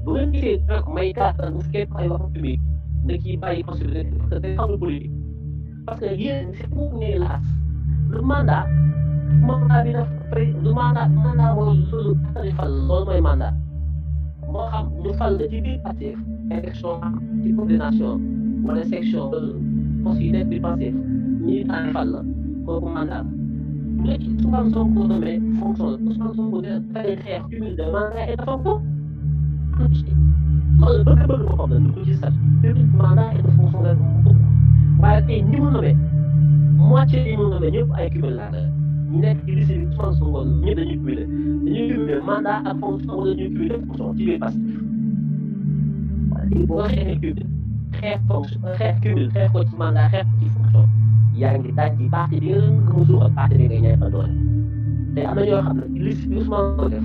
bu ngeen gisee dina may gàttal bu fekkee ay wax public na kii bàyyi possibilité parce que day xam parce que yéen c'est pour ne laas le mandat mandat bi dafa pré le mandat mandat mooy loolu fal loolu mooy mandat moo xam ñu fal la ci biir Pastef élection am ci coordination wala section wala poste yi nekk biir Pastef ñi attali fal la kooku mandat léegi Ousmane Sonko nommé fonction Ousmane Sonko dafay xeex cumul de mandat et de bëgg ci xoolal bëgg-bëgg boppam la du ko ci sax publiquement daa xëy na fonctionnaire bu waaye tey ñi mu nommé moitié yi mu nommé ñëpp ay cumul laa la ñu nekk ci lycée bi Ousmane Sonko ñëpp dañuy cumulé dañuy cumulé mandat ak fonction wala dañuy cumulé fonction ci biir Pastef waaye léegi boo xeexee cumul xeex fonction xeex cumul xeex ko ci mandat xeex ko ci fonction yaa ngi daaj ci parti bi nga gëm a suuf ak parti bi nga ñàkk a doole te am na ñoo xam ne ci lycée bi Ousmane Sonko def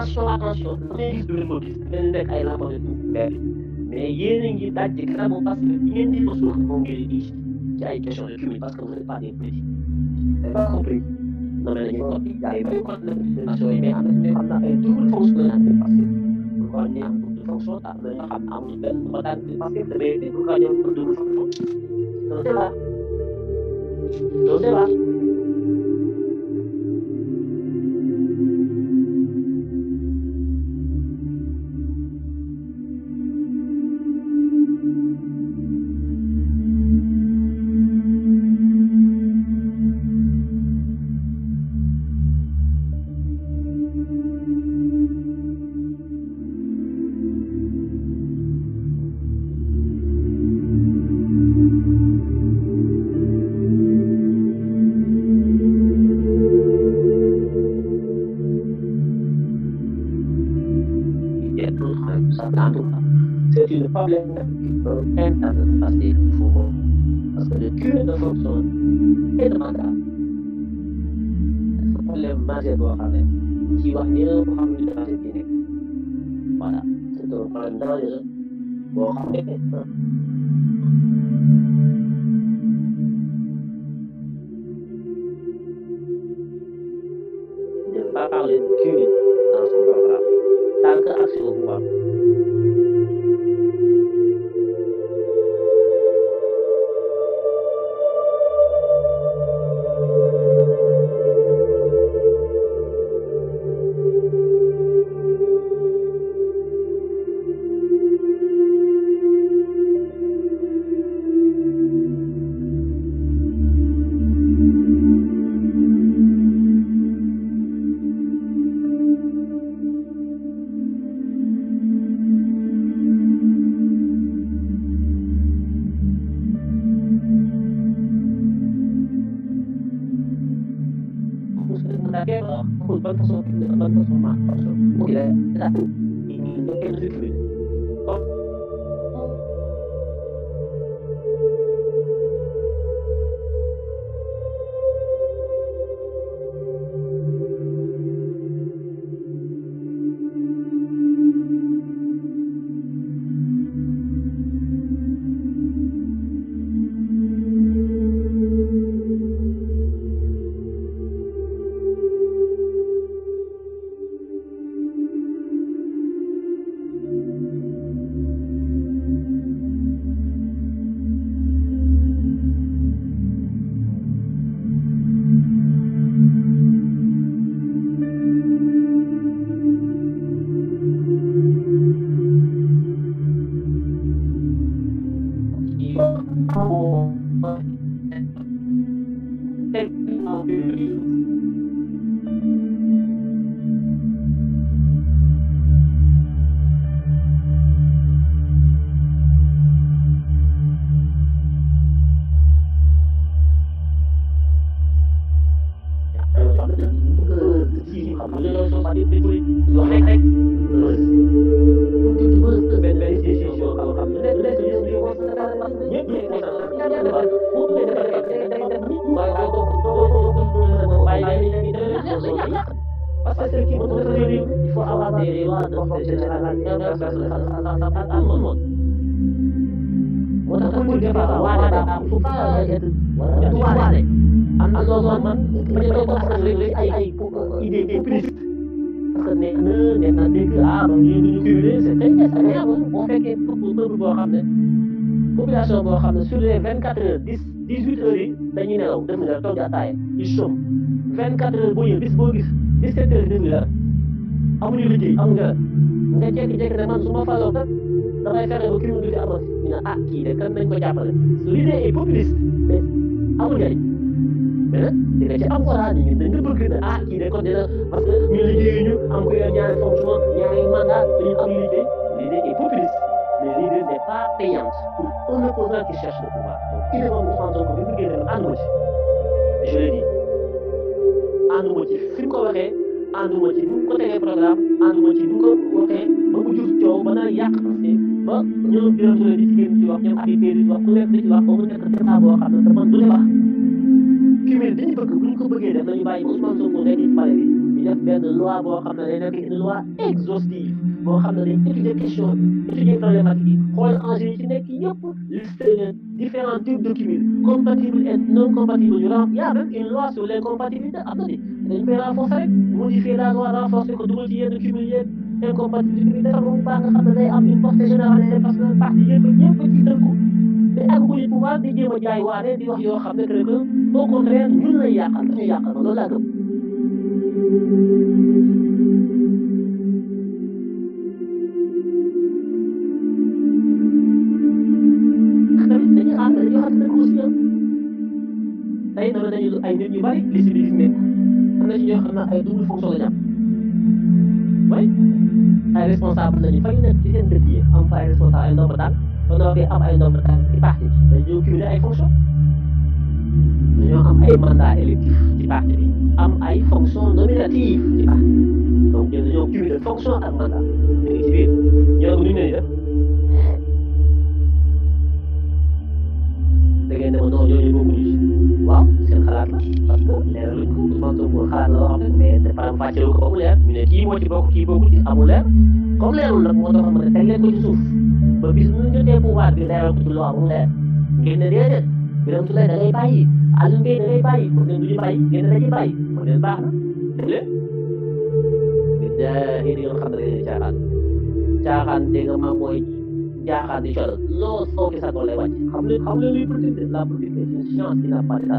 attention attention dafay gis benn mot benn nekk ay lampes yu bëri mais yéen a ngi daj garabu parce que li ngeen di mos wax moom ngeen di ci ay question de cumul parce que vous n'êtes pas des petits c'est pas compris non mais dañuy noppi gars yi bëri contre nations yi mais am na am e na ay double fonctionnalité parce que bu ko waxee am double fonction am na ñoo xam ne amul benn modalité parce que damay bu ko waxee double fonction donc c'est là donc c'est là. えっと boo xam ci dañ question ci étudier problématique yi xool enjeu ci nekk yépp listé leen différents types de cumul compatible et non compatible ñu ram ya même une loi sur l'incompatibilité am na ni dañ koy renforcer rek modifier daa ko renforcer ko dugal ci yenn cumul yeeg incompatibilité bi defar ba mu baax nga xam day am une portée générale parce que parti yëpp ñëpp ci tënku mais ak ku pouvoir di jëma jaay waane di wax yo xam que au contraire ñun lay yàqal dañuy yàqal loolu laa gëm ay nit ñu bari liste bi fi nekk am na ci ñoo xam ne ay double fonction la ñu am mooy ay responsable lañu fay nekk ci seen dëkk yi am fa ay responsable ay ndomba daal ba noppee am ay ndomba daal ci parti bi dañoo cumuler ay fonction dañoo am ay mandat électif ci parti bi am ay fonction nominative ci parti bi donc ñun dañoo cumuler fonction ak mandat léegi ci biir ñoom ñu ne def da ngeen ne ma noonu ñooñu bokkuñu xalaat la parce que leer luñ ko Ousmane Sonko xalaat la loo xam ne mais dafa fàcce wu ko ba mu leer ñu ne kii ci bokk ci amul leer comme leerul nag moo tax ma ne teg leen ko ci suuf bis ñu jotee pouvoir bi leeral ko ci loo amul leer ngeen ne déedéet Birame Souleye da ngay bàyyi Aliou Mbaye da ngay mu ngeen duñu bàyyi ngeen ne dañuy bàyyi mu ngeen baax na dégg ngeen ngeen yoon xam ne caaxaan caaxaan dégg nga maam di colo lool soo ki sa tool lay wàcc xam nga xam nga luy politique la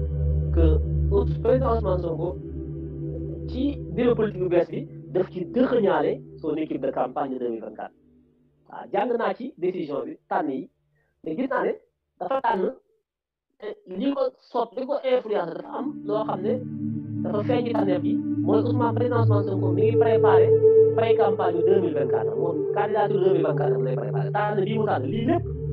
que président Ousmane Sonko ci bureau politique bu bi daf ci dëxëñaale son équipe de campagne deux mille vingt quatre waaw naa ci décision bi tànn yi mais gis naa ne dafa tànn li ko sot li ko influence dafa am loo xam ne dafa feeñ ci tànneef gi mooy Ousmane président Ousmane Sonko mi ngi préparé pré campagne yu deux mille vingt moom candidature deux mille vingt quatre am lay tànn bii mu tànn lii lépp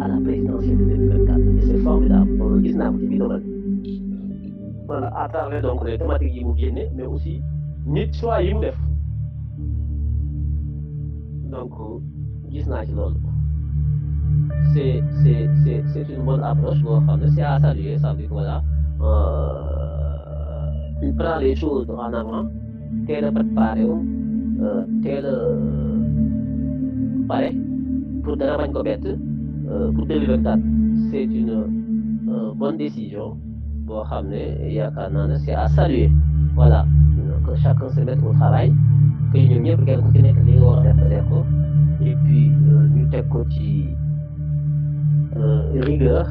à la présidentielle de 2024. Et c'est formidable. On gis naa ko ci biir voilà à travers donc les thématiques qui mu viennent, mais aussi nit choix yi mu def donc gis naa ci loolu c'est c'est c'est une bonne approche boo xam c'est à saluer ça veut dire voilà euh, il prend les choses en avant tel préparé wu teel a pour dara bañ ko bett euh, c'est une euh, bonne décision pour ramener et c'est à saluer voilà que chacun se mette au travail que nous et puis nous euh, avons une rigueur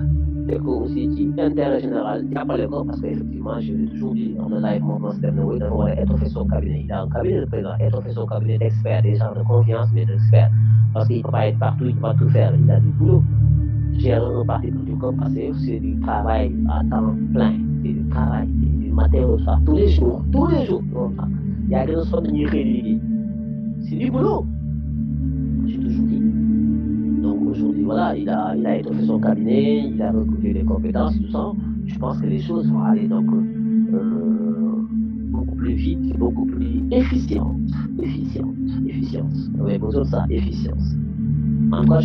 et que aussi un intérêt général il a pas de corps parce que effectivement je l'ai toujours dit on a live mouvement un nouveau, dafa être fait sur son cabinet il a un cabinet de président fait son cabinet d'experts des gens de confiance mais d'experts parce qu'il ne peut pas être partout il ne peut pas tout faire il a du boulot gérer un parti monde parce que c'est du travail à temps plein c'est du travail c'est du matin au soir tous les jours tous les jours Il y a a sonn ñuy xëy c'est du boulot j'ai toujours dit voilà, il a, il a étoffé son cabinet, il a recruté des compétences, tout ça. Je pense que les choses vont aller donc euh, beaucoup plus vite, beaucoup plus efficientes. Efficientes, efficience. On besoin de ça, efficience. En cas,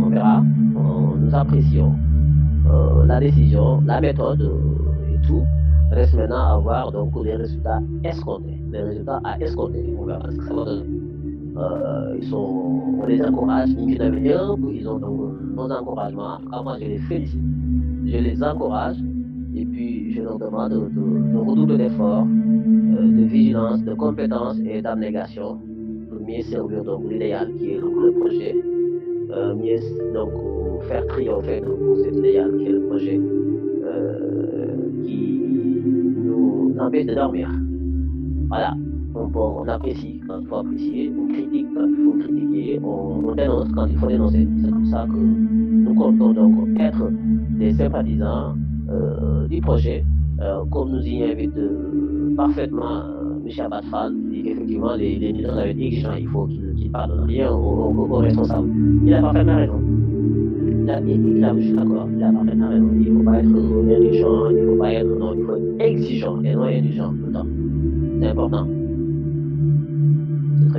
On verra. nous apprécions euh, la décision, la méthode euh, et tout. Reste maintenant à voir donc les résultats escomptés. Les résultats à escompter. On verra ce que ça va donner on les encourage, ils ils ont donc nos encouragements. En tout moi, je les félicite, je les encourage, et puis je leur demande de, redoubler d'efforts, euh, de vigilance, de compétence et d'abnégation pour mieux servir l'idéal qui est le projet, euh, mieux donc faire triompher donc cet idéal qui est le projet euh, qui nous empêche de dormir. Voilà on, apprécie quand hein, il faut apprécier, on critique quand hein, il faut critiquer, on, dénonce quand il faut dénoncer. C'est comme ça que nous comptons donc être des sympathisants euh, du projet, euh, comme nous y invite parfaitement Michel euh, M. il effectivement, les, les militants avaient dit il faut qu'ils parlent bien rien aux, responsables. Il a parfaitement raison. Il a, il, il a, je suis d'accord, il a parfaitement raison. Il ne faut pas être indulgent, il ne faut pas être, non, il faut être exigeant et non indulgent tout le temps. C'est important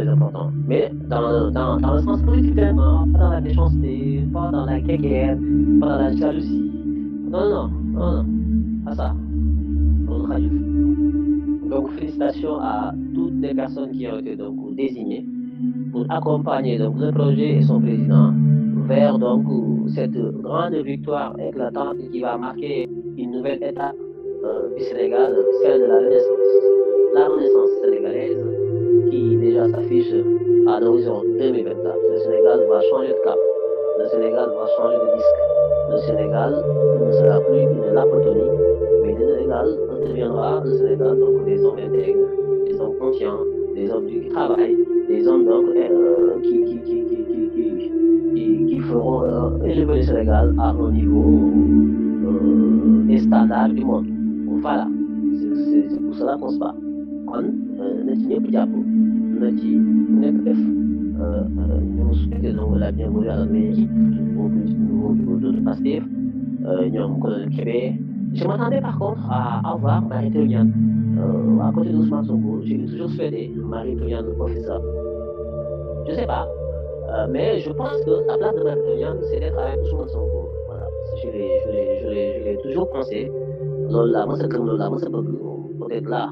important. Mais dans, dans, dans le sens positif pas dans la méchanceté, pas dans la guéguerre, pas dans la jalousie. Non, non, non, non, pas ça. Donc, félicitations à toutes les personnes qui ont été donc, désignées pour accompagner donc, le projet et son président vers donc, cette grande victoire éclatante qui va marquer une nouvelle étape euh, du Sénégal, celle de la Renaissance. La Renaissance sénégalaise qui déjà s'affiche à l'horizon 2024. Le Sénégal va changer de cap. Le Sénégal va changer de disque. Le Sénégal ne sera plus une lapotonie, mais le Sénégal deviendra le Sénégal donc des hommes intègres, des hommes conscients, des hommes qui travaillent, des hommes donc euh, qui, feront élever euh, le Sénégal à un niveau euh, des standards du monde. Voilà, c'est pour cela qu'on se bat kon na ci ñëpp jàpp na ci nekk def ñoom su fekkee donc la bien mooy yàlla mais ci moom de Pastef ñoom colonel Kébé je m'attendais par contre à avoir Marie Théonian à côté de Ousmane Sonko j'ai toujours fait des Marie Théonian professeur je sais pas mais je pense que la place de Marie Théonian c'est d'être avec Ousmane Sonko voilà je l'ai je l'ai je l'ai toujours pensé loolu laa mos a gëm loolu laa mos a bëgg peut-être là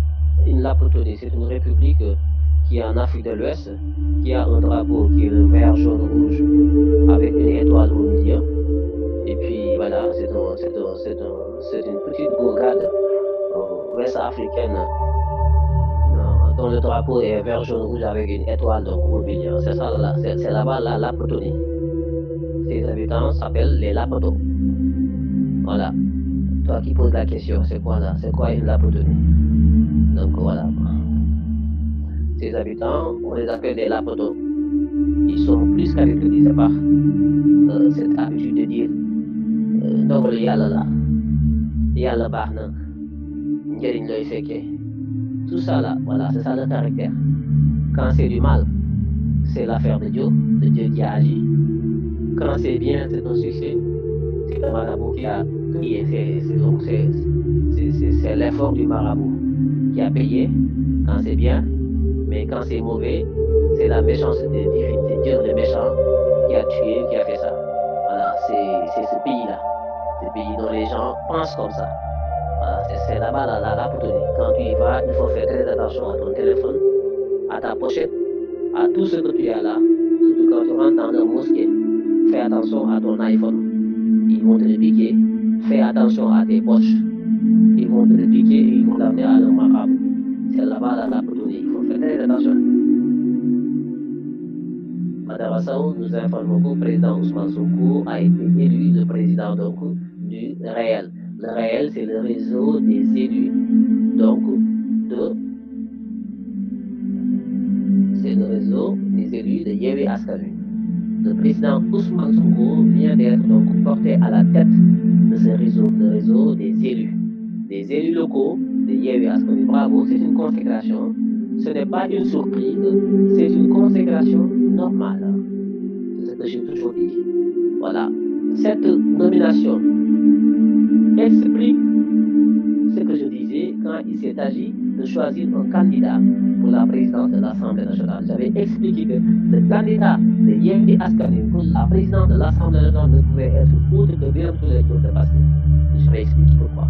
une lapotonie. C'est une république qui est en Afrique de l'Ouest, qui a un drapeau qui est vert, jaune, rouge, avec une étoile au milieu. Et puis voilà, c'est une petite bourgade euh, ouest africaine dont le drapeau est vert, jaune, rouge avec une étoile au milieu. C'est ça, c'est là-bas la Lapotonie. Ses habitants s'appellent les Lapotos. Voilà. Toi qui poses la question, c'est quoi là C'est quoi une Lapotonie donc voilà. Ces habitants, on les appelle des lapotos. Ils sont plus caractérisés par euh, cette habitude de dire Donc le la là, baax tout ça là voilà c'est ça le caractère quand c'est du mal c'est l'affaire de Dieu de Dieu qui a agi quand c'est bien c'est un succès c'est le marabout qui a crié c'est l'effort du marabout qui a payé quand c'est bien, mais quand c'est mauvais, c'est la méchanceté c'est Dieu le méchant qui a tué, qui a fait ça. Voilà, c'est ce pays-là. Ce pays dont les gens pensent comme ça. Voilà, c'est là-bas là, pour te dire, Quand tu y vas, il faut faire très attention à ton téléphone, à ta pochette, à tout ce que tu as là. Surtout quand tu rentres dans la mosquée, fais attention à ton iPhone. Ils vont te le piquer. Fais attention à tes poches. Ils vont te piquer et ils vont l'amener à leur marabout. C'est là-bas la là, Il faut faire très attention. Madame Assaou nous informe que le président Ousmane Sonko a été élu le président du réel. Le réel, c'est le réseau des élus donc de c'est le réseau des élus de Yéwe Le président Ousmane Sonko vient d'être porté à la tête de ce réseau, le réseau des élus des élus locaux de Yévi Askani Bravo, c'est une consécration. Ce n'est pas une surprise, c'est une consécration normale. C'est ce que j'ai toujours dit. Voilà. Cette nomination explique ce que je disais quand il s'est agi de choisir un candidat pour la présidence de l'Assemblée nationale. J'avais expliqué que le candidat de Yévi Askani pour la présidence de l'Assemblée nationale ne pouvait être autre que bien tous les autres passés. Je vais expliquer pourquoi.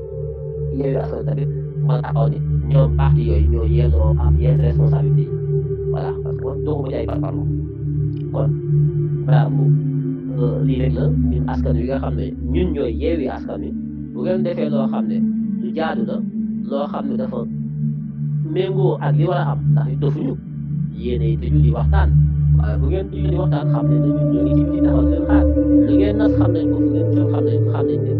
yeewu askan tamit ma taxaw ni ñoom parti yooyu ñoo yelloo am yenn responsabilité yi voilà parce que man doxuma ci ay parparloo kon voilà mu lii rek la ñun askan wi nga xam ne ñun ñooy yeewi askan wi bu ngeen defee loo xam ne lu jaadu la loo xam ne dafa méngoo ak li war a am ndax it dofuñu yéenay tëju di waxtaan waaye bu ngeen tëju di waxtaan xam ne ñun ñoo ngi ci biir taxaw leen xaar lu ngeen nas xam nañ ko fu ngeen jëm xam nañ ko xam nañ leen.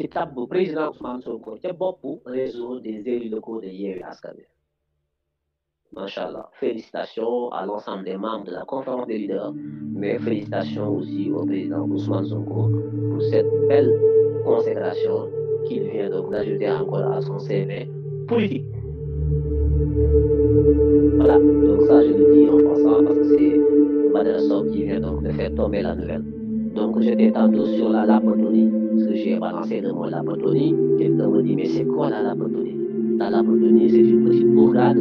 ci tab président Ousmane Sonko réseau des élus locaux de hier à ce félicitations à l'ensemble des membres de la conférence des leaders mais félicitations aussi au président Ousmane Sonko pour cette belle consécration qu'il vient donc d'ajouter encore à son CV politique. Voilà, donc ça je le dis en passant parce que c'est Madame Sob qui vient donc de faire tomber la nouvelle. Donc j'étais tantôt sur la lapotonie, ce que j'ai balancé de mon lapotonie, quelqu'un me dit mais c'est quoi la lapotonie La lapotonie c'est une petite bourgade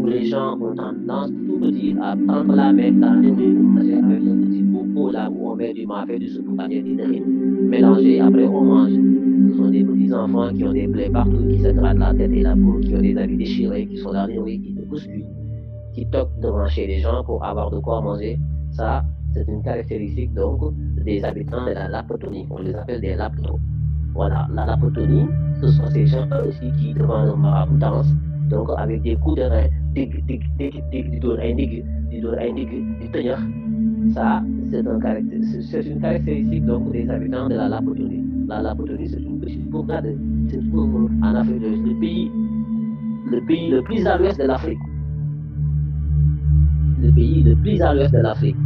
où les gens ont tendance tout petit à prendre la main dans les rues, C'est un petit bourreau là où on met du mafé, du soupe, des rime. mélanger, après on mange. Ce sont des petits enfants qui ont des plaies partout, qui se grattent la tête et la peau, qui ont des habits déchirés, qui sont dans les rues, qui ne poussent plus, qui toquent devant chez les gens pour avoir de quoi manger. Ça, c'est une caractéristique donc des habitants de la Lapotonie. On les appelle des Lapotons. Voilà, la Lapotonie, ce sont ces gens aussi qui, devant le donc avec des coups de rein, des du indigu, du indigu, du tenir. Ça, c'est un une caractéristique donc, des habitants de la Lapotonie. La Lapotonie, c'est une petite bourgade, c'est pauvre en Afrique de le pays le plus à l'ouest de l'Afrique. Le pays le plus à l'ouest de l'Afrique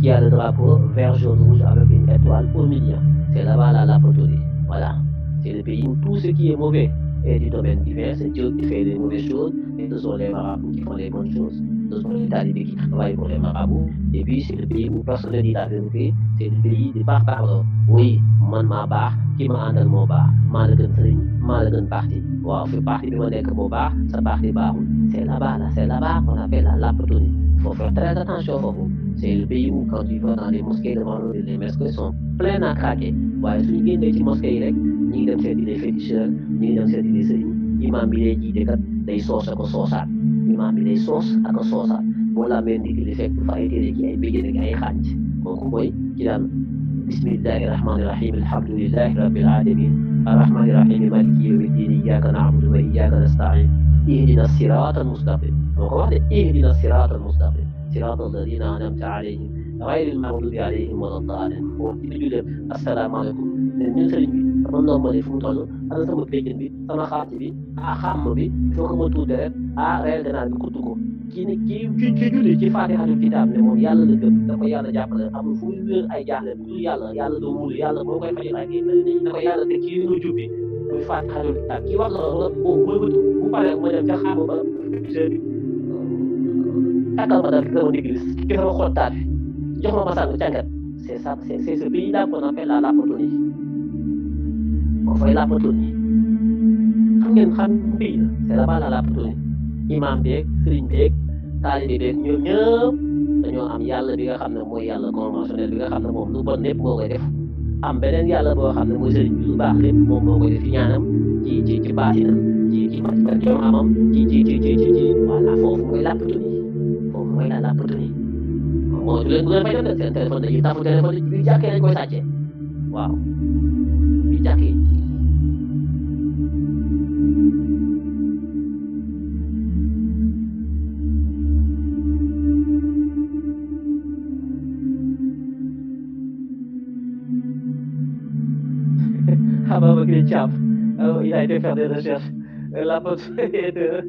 qui a le drapeau vert, jaune, rouge avec une étoile au milieu. C'est là-bas la Lapotonie. Voilà. C'est le pays où tout ce qui est mauvais est du domaine divers. C'est Dieu qui fait les mauvaises choses et ce sont les marabouts qui font les bonnes choses qui pour les marabouts. Et puis, c'est le pays où personne ne dit la vérité. C'est le pays des barbares. Oui, man ma bar, qui m'a entendu mon bar, ma le gun sering, ma le gun parti. Wow, fait partie de mon deck mon bar, ça des barons. C'est là-bas, là, c'est là-bas qu'on appelle la lapotonie. Il faut faire très attention pour vous. C'est le pays où, quand tu vas dans les mosquées devant l'eau, les mosquées sont pleines à craquer. Ouais, si vous avez des mosquées, vous de des ni vous avez des sering. imaam bi lay jiite kat day soos ak a soosaat bi day soos a soosaat boo làmbee ndigg li fekk fa ay ay béjjén ak ay xànc kooku mooy ci daan bismillahi rahmaani rahim alhamdulillahi rabbil alamin arrahmaani rahim maliki yawmi diin iyyaka na'budu wa iyyaka nasta'in ihdina sirata almustaqim moo sama ndomba li fu mu toll ana sama béjjën bi sama xaaj bi a ah xàmm bi foo ko a tuur ah deret a reel ganaar bi kutt ko kii ni kii ci ci julli ci faatixatul kitaab ne moom yàlla la gëm da ko yàlla jàppale amul fu muy wéer ay jaaxle bu dul yàlla yàlla la wóolu yàlla moo koy fajal ak da ko yàlla te kii yoonu la boobu mooy wëtu bu paree ma moo fay ni xam ngeen xam mbéy la c'est là-bas la làppatu ni imaam beeg sëriñ beeg taalibe beeg dañoo am yàlla bi nga xam ne mooy yàlla conventionnel bi nga xam ne moom lu bon lépp moo def am beneen yàlla boo xam ne mooy sëriñ bi lu baax lépp moom moo koy def ci ñaanam ci ci ci baatinam ci ci ci amam ci ci ci ci ci voilà foofu mooy làppatu ni foofu mooy la làppatu ni moo du leen bu ngeen fay def seen téléphone dañuy tafu téléphone bi jàkkee dañ koy sàccee waaw il a été faire des recherches. L'apôtre est, de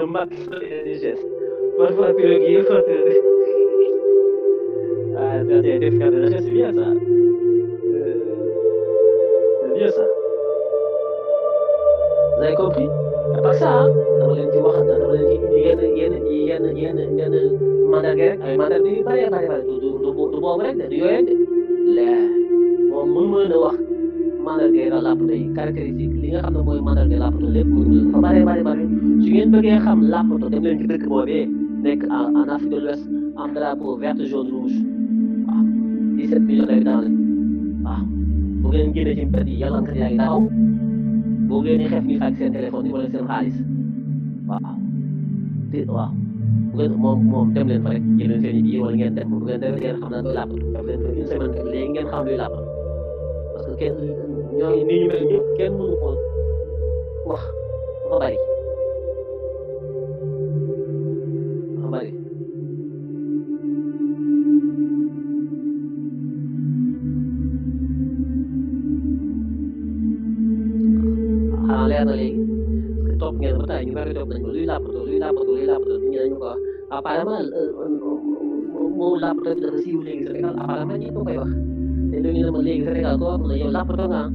un fait des gestes. Parfois, tu le de. ah, Il a été faire des recherches, c'est bien ça. c'est bien ça. Vous avez compris pas ça, hein a Il On a a de... On il il y a des gens qui ont été de voir... de a mandarga yi làppto li nga xam ne mooy mandarga làppto lépp mënu leen fa bare bare bare su ngeen bëggee xam làppto dem leen ci dëkk boobee nekk en Afrique de l'Ouest am drapeau vert jaune rouge waaw 17 millions d'habitants waaw bu ngeen génnee ci mbedd yi moom moom fa rek jëleen seen i bii wala ngeen dem bu ngeen demee ngeen xam na luy làppatu def leen fa une semaine léegi ngeen xam luy làppatu parce que kenn ini ini ini kan mel wah kenn bari dafa bari xanaa leer na léegi parce que topp ngeen ba tey ñu bari topp nañ ko luy làppatoo tuh làppatoo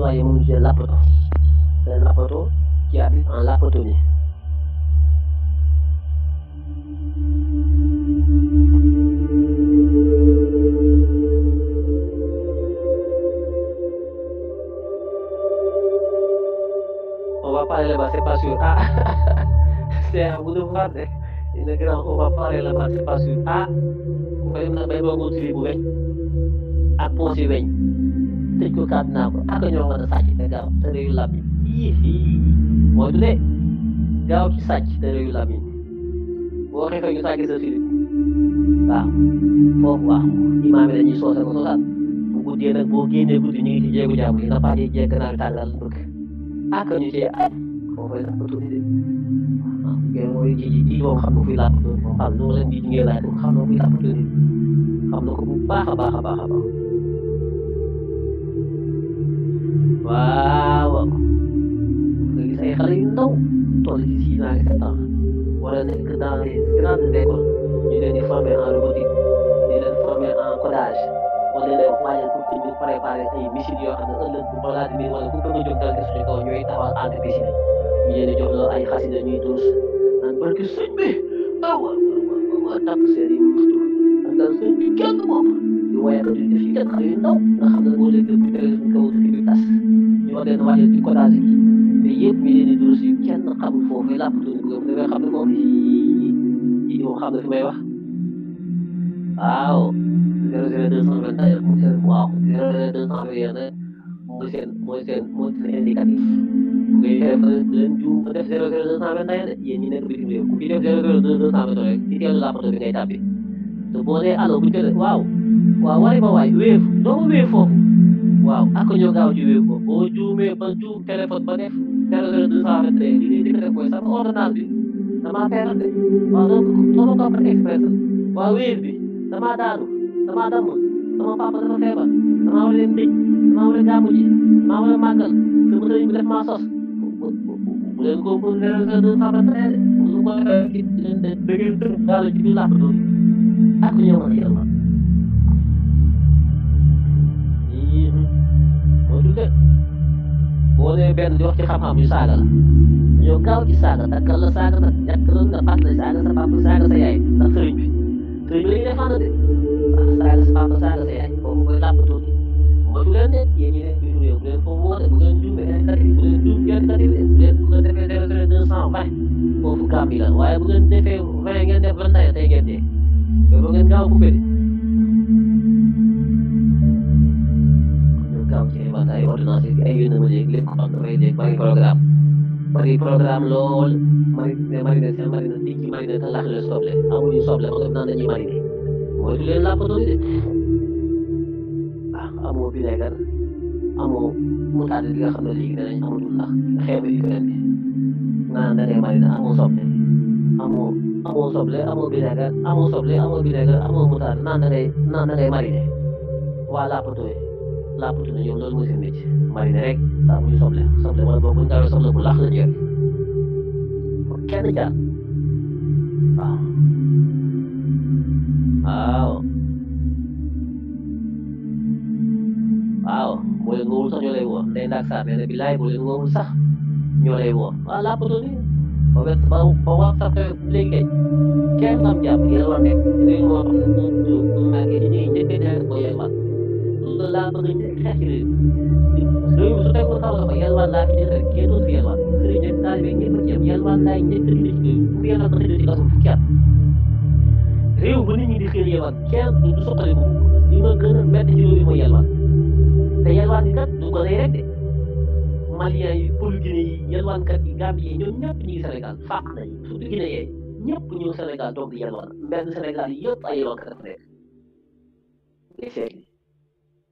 mon C'est La qui habite en potonie On va parler là-bas, c'est pas sûr. Ah, c'est à vous de voir. Hein. on va parler là-bas, c'est pas sûr. Ah, beaucoup de hein. à quoi vous tëj Akanhou site legal, Tanei Lamin. Ih, module. Gal que site, Tanei Lamin. Vou reconhecer aqui seu filho. Tá. Fogo lá. Imam da Nisso, você não sabe. Buku dia nak buku ni buku ni dia aku jam kita pagi dia kena tanggal buk. Aku ni dia. Kau boleh betul ni. Yang mau jadi dia orang kamu filat tu, orang kamu lain dia lah, kamu filat tu. Kamu kau bah bah bah bah. waaw nga gis ay xale yu ndaw toll ci six ans ak sept ans wala nekk dans les grandes écoles ñu leen di former en robotique ñu leen former en codage wala leen waajal pour que ñu préparer ay missiles yoo xam ne ëllëg bu xalaat bi wala ku bëgg a jóg dal ci suñu kaw ñooy taxawal entreprise bi ñu leen di jox loolu ay xasida ñuy tuus naan barki sëñ bi awa awa awa tàpp seen i muxtu ak daal sëñ bi kenn moom waaye dootuñ def ci quatre yu ndaw nga xam ne boo léegi ñu tege suñ kaw dëkk bi tas ñu war leen wàññi ci cottage gi mais yëpp mi leen di dóor si kenn xamul foofu làpp doon gëm da nga xam ne moom yi moom xam na fi may wax waaw zéro zéro deux cent vingt et un mooy seen waaw zéro zéro deux cent vingt et un mooy seen mooy seen mooy seen indicatif bu ngay def leen ju def zéro zéro deux cent vingt et un yéen ñi nekk bitim réew ku fi def zéro zéro deux cent vingt et un rek ci teel làpp bi ngay tàbbi to boo dee allo buñ ko def waaw waaw wari ma waay wéef ak ñoo gaaw ci wéef boobu boo ba juum téléphone ba def zéro zéro deux cent vingt et un li ngay def mooy sama ordonnance bi damaa feebar de waaw express waaw wéef bi damaa daanu damaa damm sama papa dafa feebar damaa war a leen dëj damaa war a gàmmu ji damaa war a maa sos bu ko ko defee ci leen de da ngeen dëgg daal ci aku yawan yawan moo dul de boo dee benn di wax ci xam-xam yu saaga la ñoo gaaw ci saaga dakkal la saaga nag ñàkk la nga bàtt la saaga sa papa saaga sa yaay ndax sëriñ bi sëriñ bi la ñuy défendre de waaw saaga sa papa saaga sa yaay foofu koy làppatoo di moo du leen de yéen ñi nekk biir réew bu leen foofu woote bu ngeen jumbe ngeen kati bu leen jum ngeen kati de bu leen bu ngeen defee zero zero deux cent vingt foofu gàmbi la waaye bu ngeen defee vingt ngeen def vingt tey ngeen dee loolu ngeen gaaw a coupé ñu gaaw ci ay bant ay ordonnance yi ay ma léeg lépp xam dafay dégg bari programme bari programme lool marine marine nit ñi marine te laax soble amuñu soble ba nga naan dañuy marine mooy du leen de ah amoo vinaigre amoo mutaade di nga xam ne léegi danañ amatul ndax xeebu yi beneen soble amoo amoo soble amoo vinaigre amoo soble amoo vinaigre amoo moutarde naan da ngay naan da ngay mariner waa làppatoo yi làppatu na ñoom loolu mooy seen métier mariner rek daa soble soble wala boobu bu ñu daawee soble bu lax la ñu yor kenn jaar waaw waaw waaw boo leen ngoowul sax ñoo lay woo ndey ndaak saar nee na billaay boo leen ngoowul sax lay woo waa làppatoo ni peut-être ba ba WhatsApp bu léegi kenn am jàpp yàlla war nekk réew moo xam ne ñun ñu màggee ñuy njëkk a ko yelwaan loolu laa bëgg njëkk xeex ci réew réew mi su fekkoon sama loxo yelwaan laa fi njëkk rek kenn du yelwaan sëriñ ñi di xëy yelwaan kenn du soqaliku li ma gën a métti ci réew mi mooy yelwaan te yelwaan bi kat du ko lay rek de Malien yi Pël Guinée yi yalwaankat yi Gambie yi ñoom ñëpp ñu ngi Sénégal faax nañu surtout Guinée yi ñëpp ñëw Sénégal toog di yalwaan mbenn Sénégal yëpp ay yalwaankat dafa nekk li fekk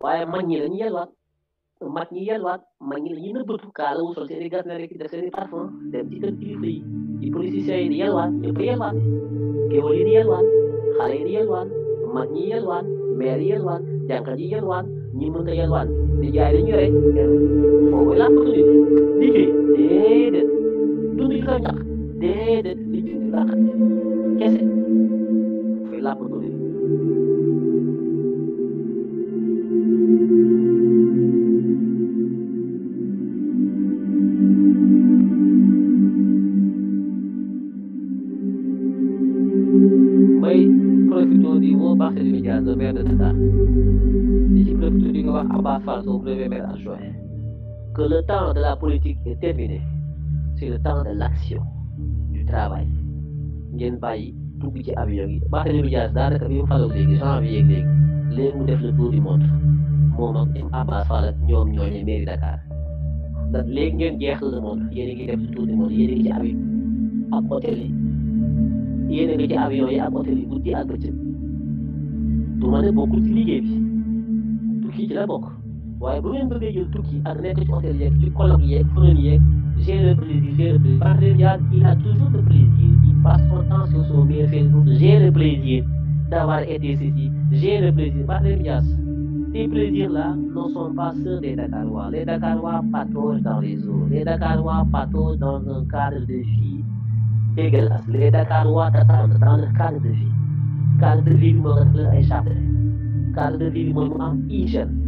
waaye mag ñi lañu yalwaan mag ñi yalwaan mag ñi lañu wu sol i gasne rek def seen parfum dem ci kër kilifa yi di politiciens yi di yalwaan ñëpp yalwaan géwal yi di yalwaan xale yi di yalwaan mag ñi yi yi ñi mënut a yalwaan di jaay dañu yore foofu la opportunité liggéey déedéet dund ci kaw ñax déedéet liggéey du laax kese foofu la opportunité que le temps de la politique est terminé c'est le temps de l'action du travail ngeen bàyyi dugg ci avion yi Barthélémy Dias daanaka bi mu faloog léegi janvier léegi léegi mu def le tour du monde moom ak ñoom Abbas Fall ak ñoom ñooñu mairie Dakar ndax léegi ngeen jeex le monde yéen a ngi def le tour du monde ngi ci avion ak hôtel yi yéen ngi ci avion yi ak hôtel yi guddi ak bëccëg du ma bokkul ci liggéey bi du ci la bokk. waaye bu ngeen bëggee jël tukki ak nekk ci hôtel yeeg ci colloque yeeg j'ai le plaisir j'ai le plaisir il a toujours le plaisir il passe son temps sur son bien Facebook j'ai le plaisir d'avoir été ceci j'ai le plaisir partenariat ces plaisirs-là ne sont pas ceux des Dakarois. Les Dakarois patrouillent dans les eaux. Les Dakarois patrouillent dans un cadre de vie dégueulasse. Les Dakarois t'attendent dans le cadre de vie. Cadre de vie, me avons Le Cadre de vie, me rend hygiène.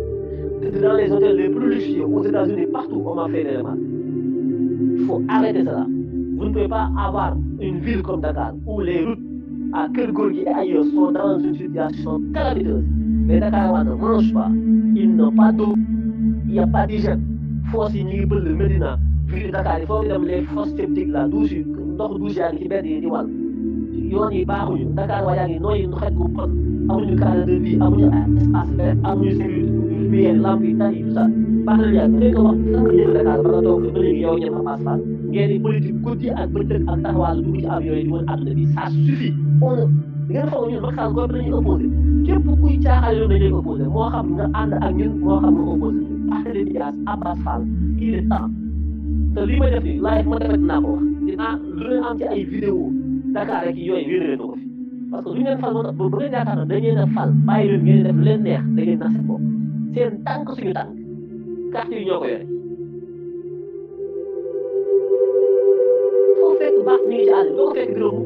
dans les hôtels les plus luxueux, aux États-Unis, partout, on m'a fait des remarques. Il faut arrêter cela. Vous ne pouvez pas avoir une ville comme Dakar où les routes à Kergorgi et ailleurs sont dans une situation calamiteuse. mais Dakar ne mangent pas, ils n'ont pas d'eau, il n'y a pas d'hygiène. Force inhibile de Medina, ville de Dakar, il faut que les forces sceptiques là, d'où ndox douche qui ngi des mbedd yi di des yoon yi baaxuñu Dakar a une ngi nooyi il y a une cadre de vie amuñu espace vert une sécurité bi yéen lamp yi tànn yi tout ça partenariat yaa ngi ko wax sax nga jël Dakar ba nga toog ba léegi yow ñëpp a paas paas ngeen di politique guddi ak bëccëg ak taxawaal bu ci am yooyu di wër àdduna bi ça suffit. on a ngeen foog ñun Macky Sall góob nañu opposé képp kuy caaxaan yoon dañuy opposé moo xam nga ànd ak ñun moo xam nga opposé ñun Barthélémy Dias Abbas Fall il est temps te li ma def nii live ma defet naa ko wax dinaa lu leen am ci ay vidéo Dakar rek yooyu yéen leen ko fi parce que lu ñu leen fal moo tax bu ngeen yaakaar dañu leen a fal bàyyi leen ngeen def leen neex da ngeen nax seen bopp seen tànk suñu tànk carte yi ñoo fekk baax mi ngi doo fekk bureau bu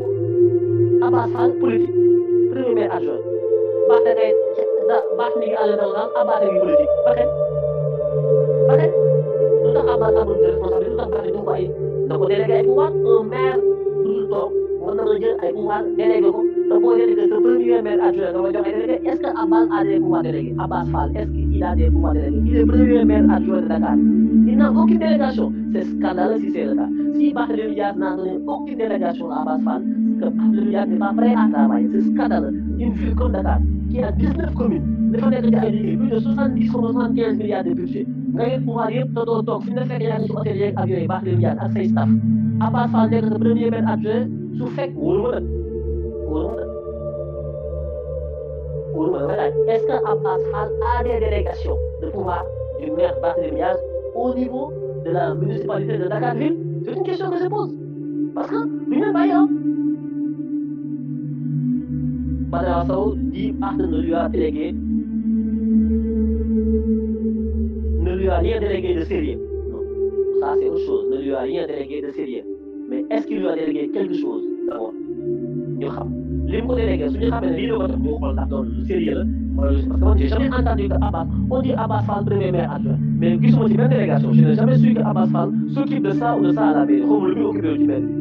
Abbas Fall politique premier maire adjoint baax da ngay baax mi ngi àll dal daal Abbas a ngi politique ba xet ba xet lu tax Abbas amul de responsabilité lu tax baax ko ay na ko délégué ay pouvoir toog war na mën ay pouvoir délégué ko te boo délégué sa premier maire adjoint dama joxe délégué est ce que Abbas a des pouvoirs délégués Abbas Fall est ce qu'il a des pouvoirs délégués il est premier maire adjoint de Dakar il n'a aucune délégation c'est scandaleux si c'est le cas si Barthélémy Diaz n'a donné aucune délégation à Abbas Fall que Barthélémy Diaz n'est pas prêt à travailler c'est scandaleux une ville comme Dakar qui a 19 communes dafa nekk ci ay liggéey plus de 70 ou 75 milliards de budget nga yor pouvoir yëpp te doo toog fi nga fekk yaa ngi ci hôtel yeeg ak yooyu Barthélémy Diaz ak say staff Abbas Fall nekk sa premier maire adjoint su fekk wóolu ma nag Est-ce qu'un Fall a des délégations de pouvoir du maire Barthélémy au niveau de la municipalité de Dakarville C'est une question que je pose. Parce que lui-même pas madame Saoud dit Barthes ne lui a délégué, ne lui a rien délégué de sérieux. Non, ça c'est autre chose, ne lui a rien délégué de sérieux. Mais est-ce qu'il lui a délégué quelque chose d'abord li mu ko délégué su ñu xamee ne lii la ko def ñu xool ndax doon lu sérieux la wala lu parce que man j'ai jamais entendu que Abbas on dit Abbas Fall premier maire adjoint mais gisuma ci benn délégation je n'ai jamais su que Abbas Fall s'occupe de ça ou de ça à la mairie xaw ma lu muy occupé wu ci mairie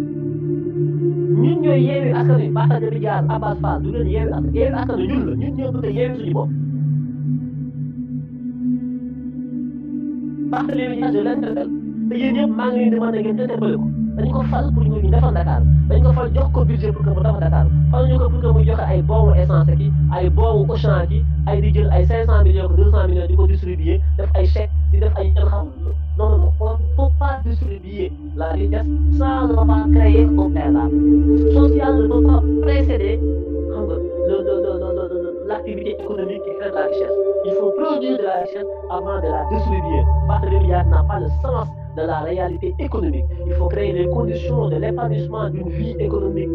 bi ñun ñooy yeewi askan wi Bata Gabi Diar Abbas Fall du leen yeewi askan yeewi askan wi ñun la ñun ñoo bëgg a yeewi suñu bopp Barthélémy Dias je l'interpelle te yéen ñëpp maa ngi leen demandé ngeen interpellé ko dañ ko fal pour ñu Dakar dañ ko fal jox budget pour que mu Dakar fal ñu ko pour que ay boobu essence ki ay boobu 500 millions 200 millions di ko distribuer def ay chèques di def ay non non on peut pas distribuer la richesse ça ne créer au social ne peut pas précéder l'activité économique qui la richesse il faut produire de la richesse avant de la distribuer parce n'a pas le sens de la réalité économique. Il faut créer les conditions de l'épanouissement d'une vie économique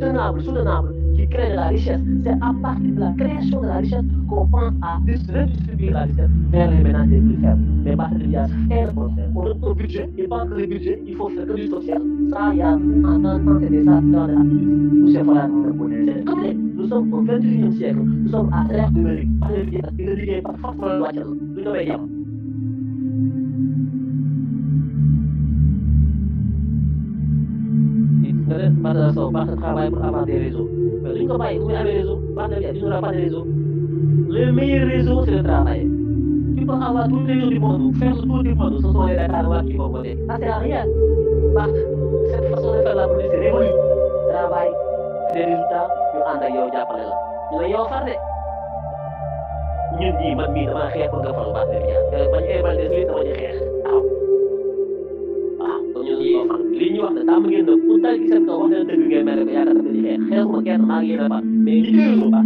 tenable, soutenable, qui crée de la richesse. C'est à partir de la création de la richesse qu'on pense à redistribuer la richesse vers les ménages les plus faibles. Les partenariats, elles le concept. Pour notre budget, il pas que le budget, il faut faire que du social. Ça, il y a an, un temps, c'était ça dans la vie. c'est nous sommes au 21e siècle, nous sommes à l'ère numérique, par le biais par force de la loi. Nous sommes nga leen Badara Sow baax na travail pour avoir des réseaux mais duñ ko bàyyi bu muy amee réseau baax na bien tu n'auras pas de réseau le meilleur réseau c'est le travail tu peux avoir tous les réseaux du monde faire le tour du monde ce sont les Dakarois qui vont voter ça sert à rien parce que cette façon de faire la politique c'est révolu travail des résultats ñu ànd ak yow jàppale la ñu la yow far de ñun ñii man mii damaa xeex pour nga faru baax na bien bañ a évaluer waaw kon ñooñu ñoo far lii ñu wax ne tàmm ngeen ne ku dal ci seen kaw ngeen mel ne ko yaakaar naa ne xeexuma maa ngi yéen a far mais liggéeyal ma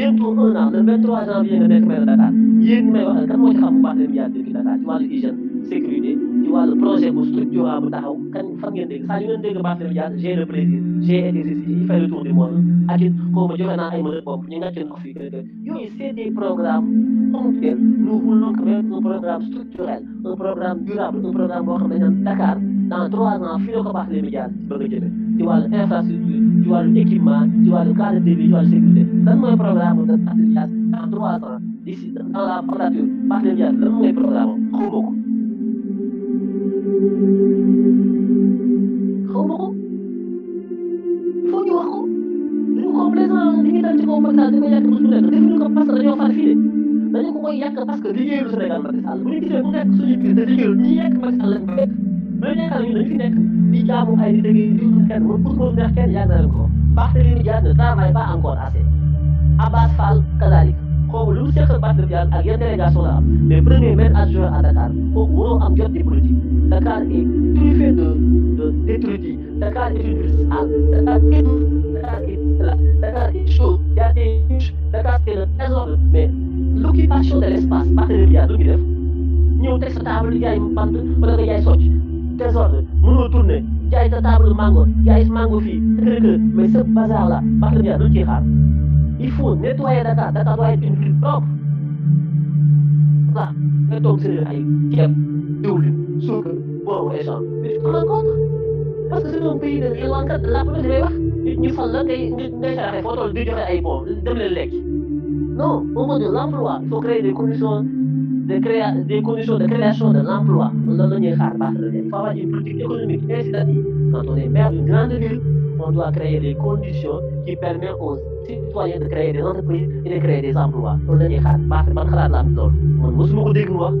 bientôt un an le 23 janvier nga nekk maire Dakar yéen ñi may waxal kan moo ci xam bu baax leen yaat dégg Dakar ci wàllu hygiène sécurité ci wàllu projet bu structurant bu taxaw kan fan ngeen dégg saa yu ngeen dégg baax leen yaat j'ai le plaisir j'ai été saisi il fait le tour du monde ak it xaw ma joxe naa ay mën a bopp ñu ngàcceen ko fii programme structurel un programme durable un programme boo xam Dakar dans trois ans fii la ko baax les médias bëgg a jëmee ci wàllu infrastructure ci wàllu équipement ci wàllu cadre de vie ci wàllu sécurité lan mooy programme de Barthélémy Dias dans trois ans d'ici dans la mandature Barthélémy Dias lan mooy programme xawma ko xawma ko il faut ñu wax ko duñu complaisant li ñuy dal ci kaw Macky Sall di ko yàq ba su nekk defuñu ko parce que dañoo far fii de dañu ko koy yàq parce que liggéeyul Sénégal Macky Sall bu ñu gisee mu nekk suñu biir te liggéeyul ñi yàq Macky Sall lañ ko fekk ñooñu nekkal ñu dañu di jaamu ay nit yi di dund kenn wala pour mu neex kenn yàgg na leen ko Barthélémy Dias ne travaille pas encore lu seq Barthélémy Dias ak yan délégation la am mais premier maire adjoint à Dakar kooku waroo am jot di politique Dakar est truffé de de détritus Dakar est une ville sale Dakar est Dakar est plat Dakar est chaud y a des niches Dakar c'est le trésor mais l'occupation de l'espace Barthélémy Dias lu ñu def ñëw teg désordre mënoo tourner jaay ta table mango jaay mango fii tëkërëkër mais ce bazar là Barthélémy lu ciy xaar il faut nettoyer Dakar Dakar doit être une ville propre voilà nga toog ay ceeb diwlin suukar boobu échange mais tu te rends compte parce que c'est un pays de yalwaankat ñi fal la ngay ngay saraxe foo toll di joxe ay boobu dem leen lekk non au moins de l'emploi il faut créer des, créa des conditions de création de l'emploi. On doit donner à Il faut avoir une politique économique incitative. Quand on est maire d'une grande ville, on doit créer des conditions qui permettent aux citoyens de créer des entreprises et de créer des emplois. On doit donner à Bafle.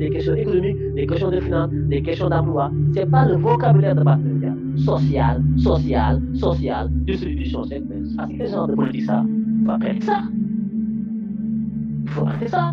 Des questions économiques, des questions de finances, des questions d'emploi. Ce n'est pas le vocabulaire de Bafle. Social, social, social, distribution, c'est Parce que ce genre de politique, ça, il faut arrêter ça. Il faut arrêter ça.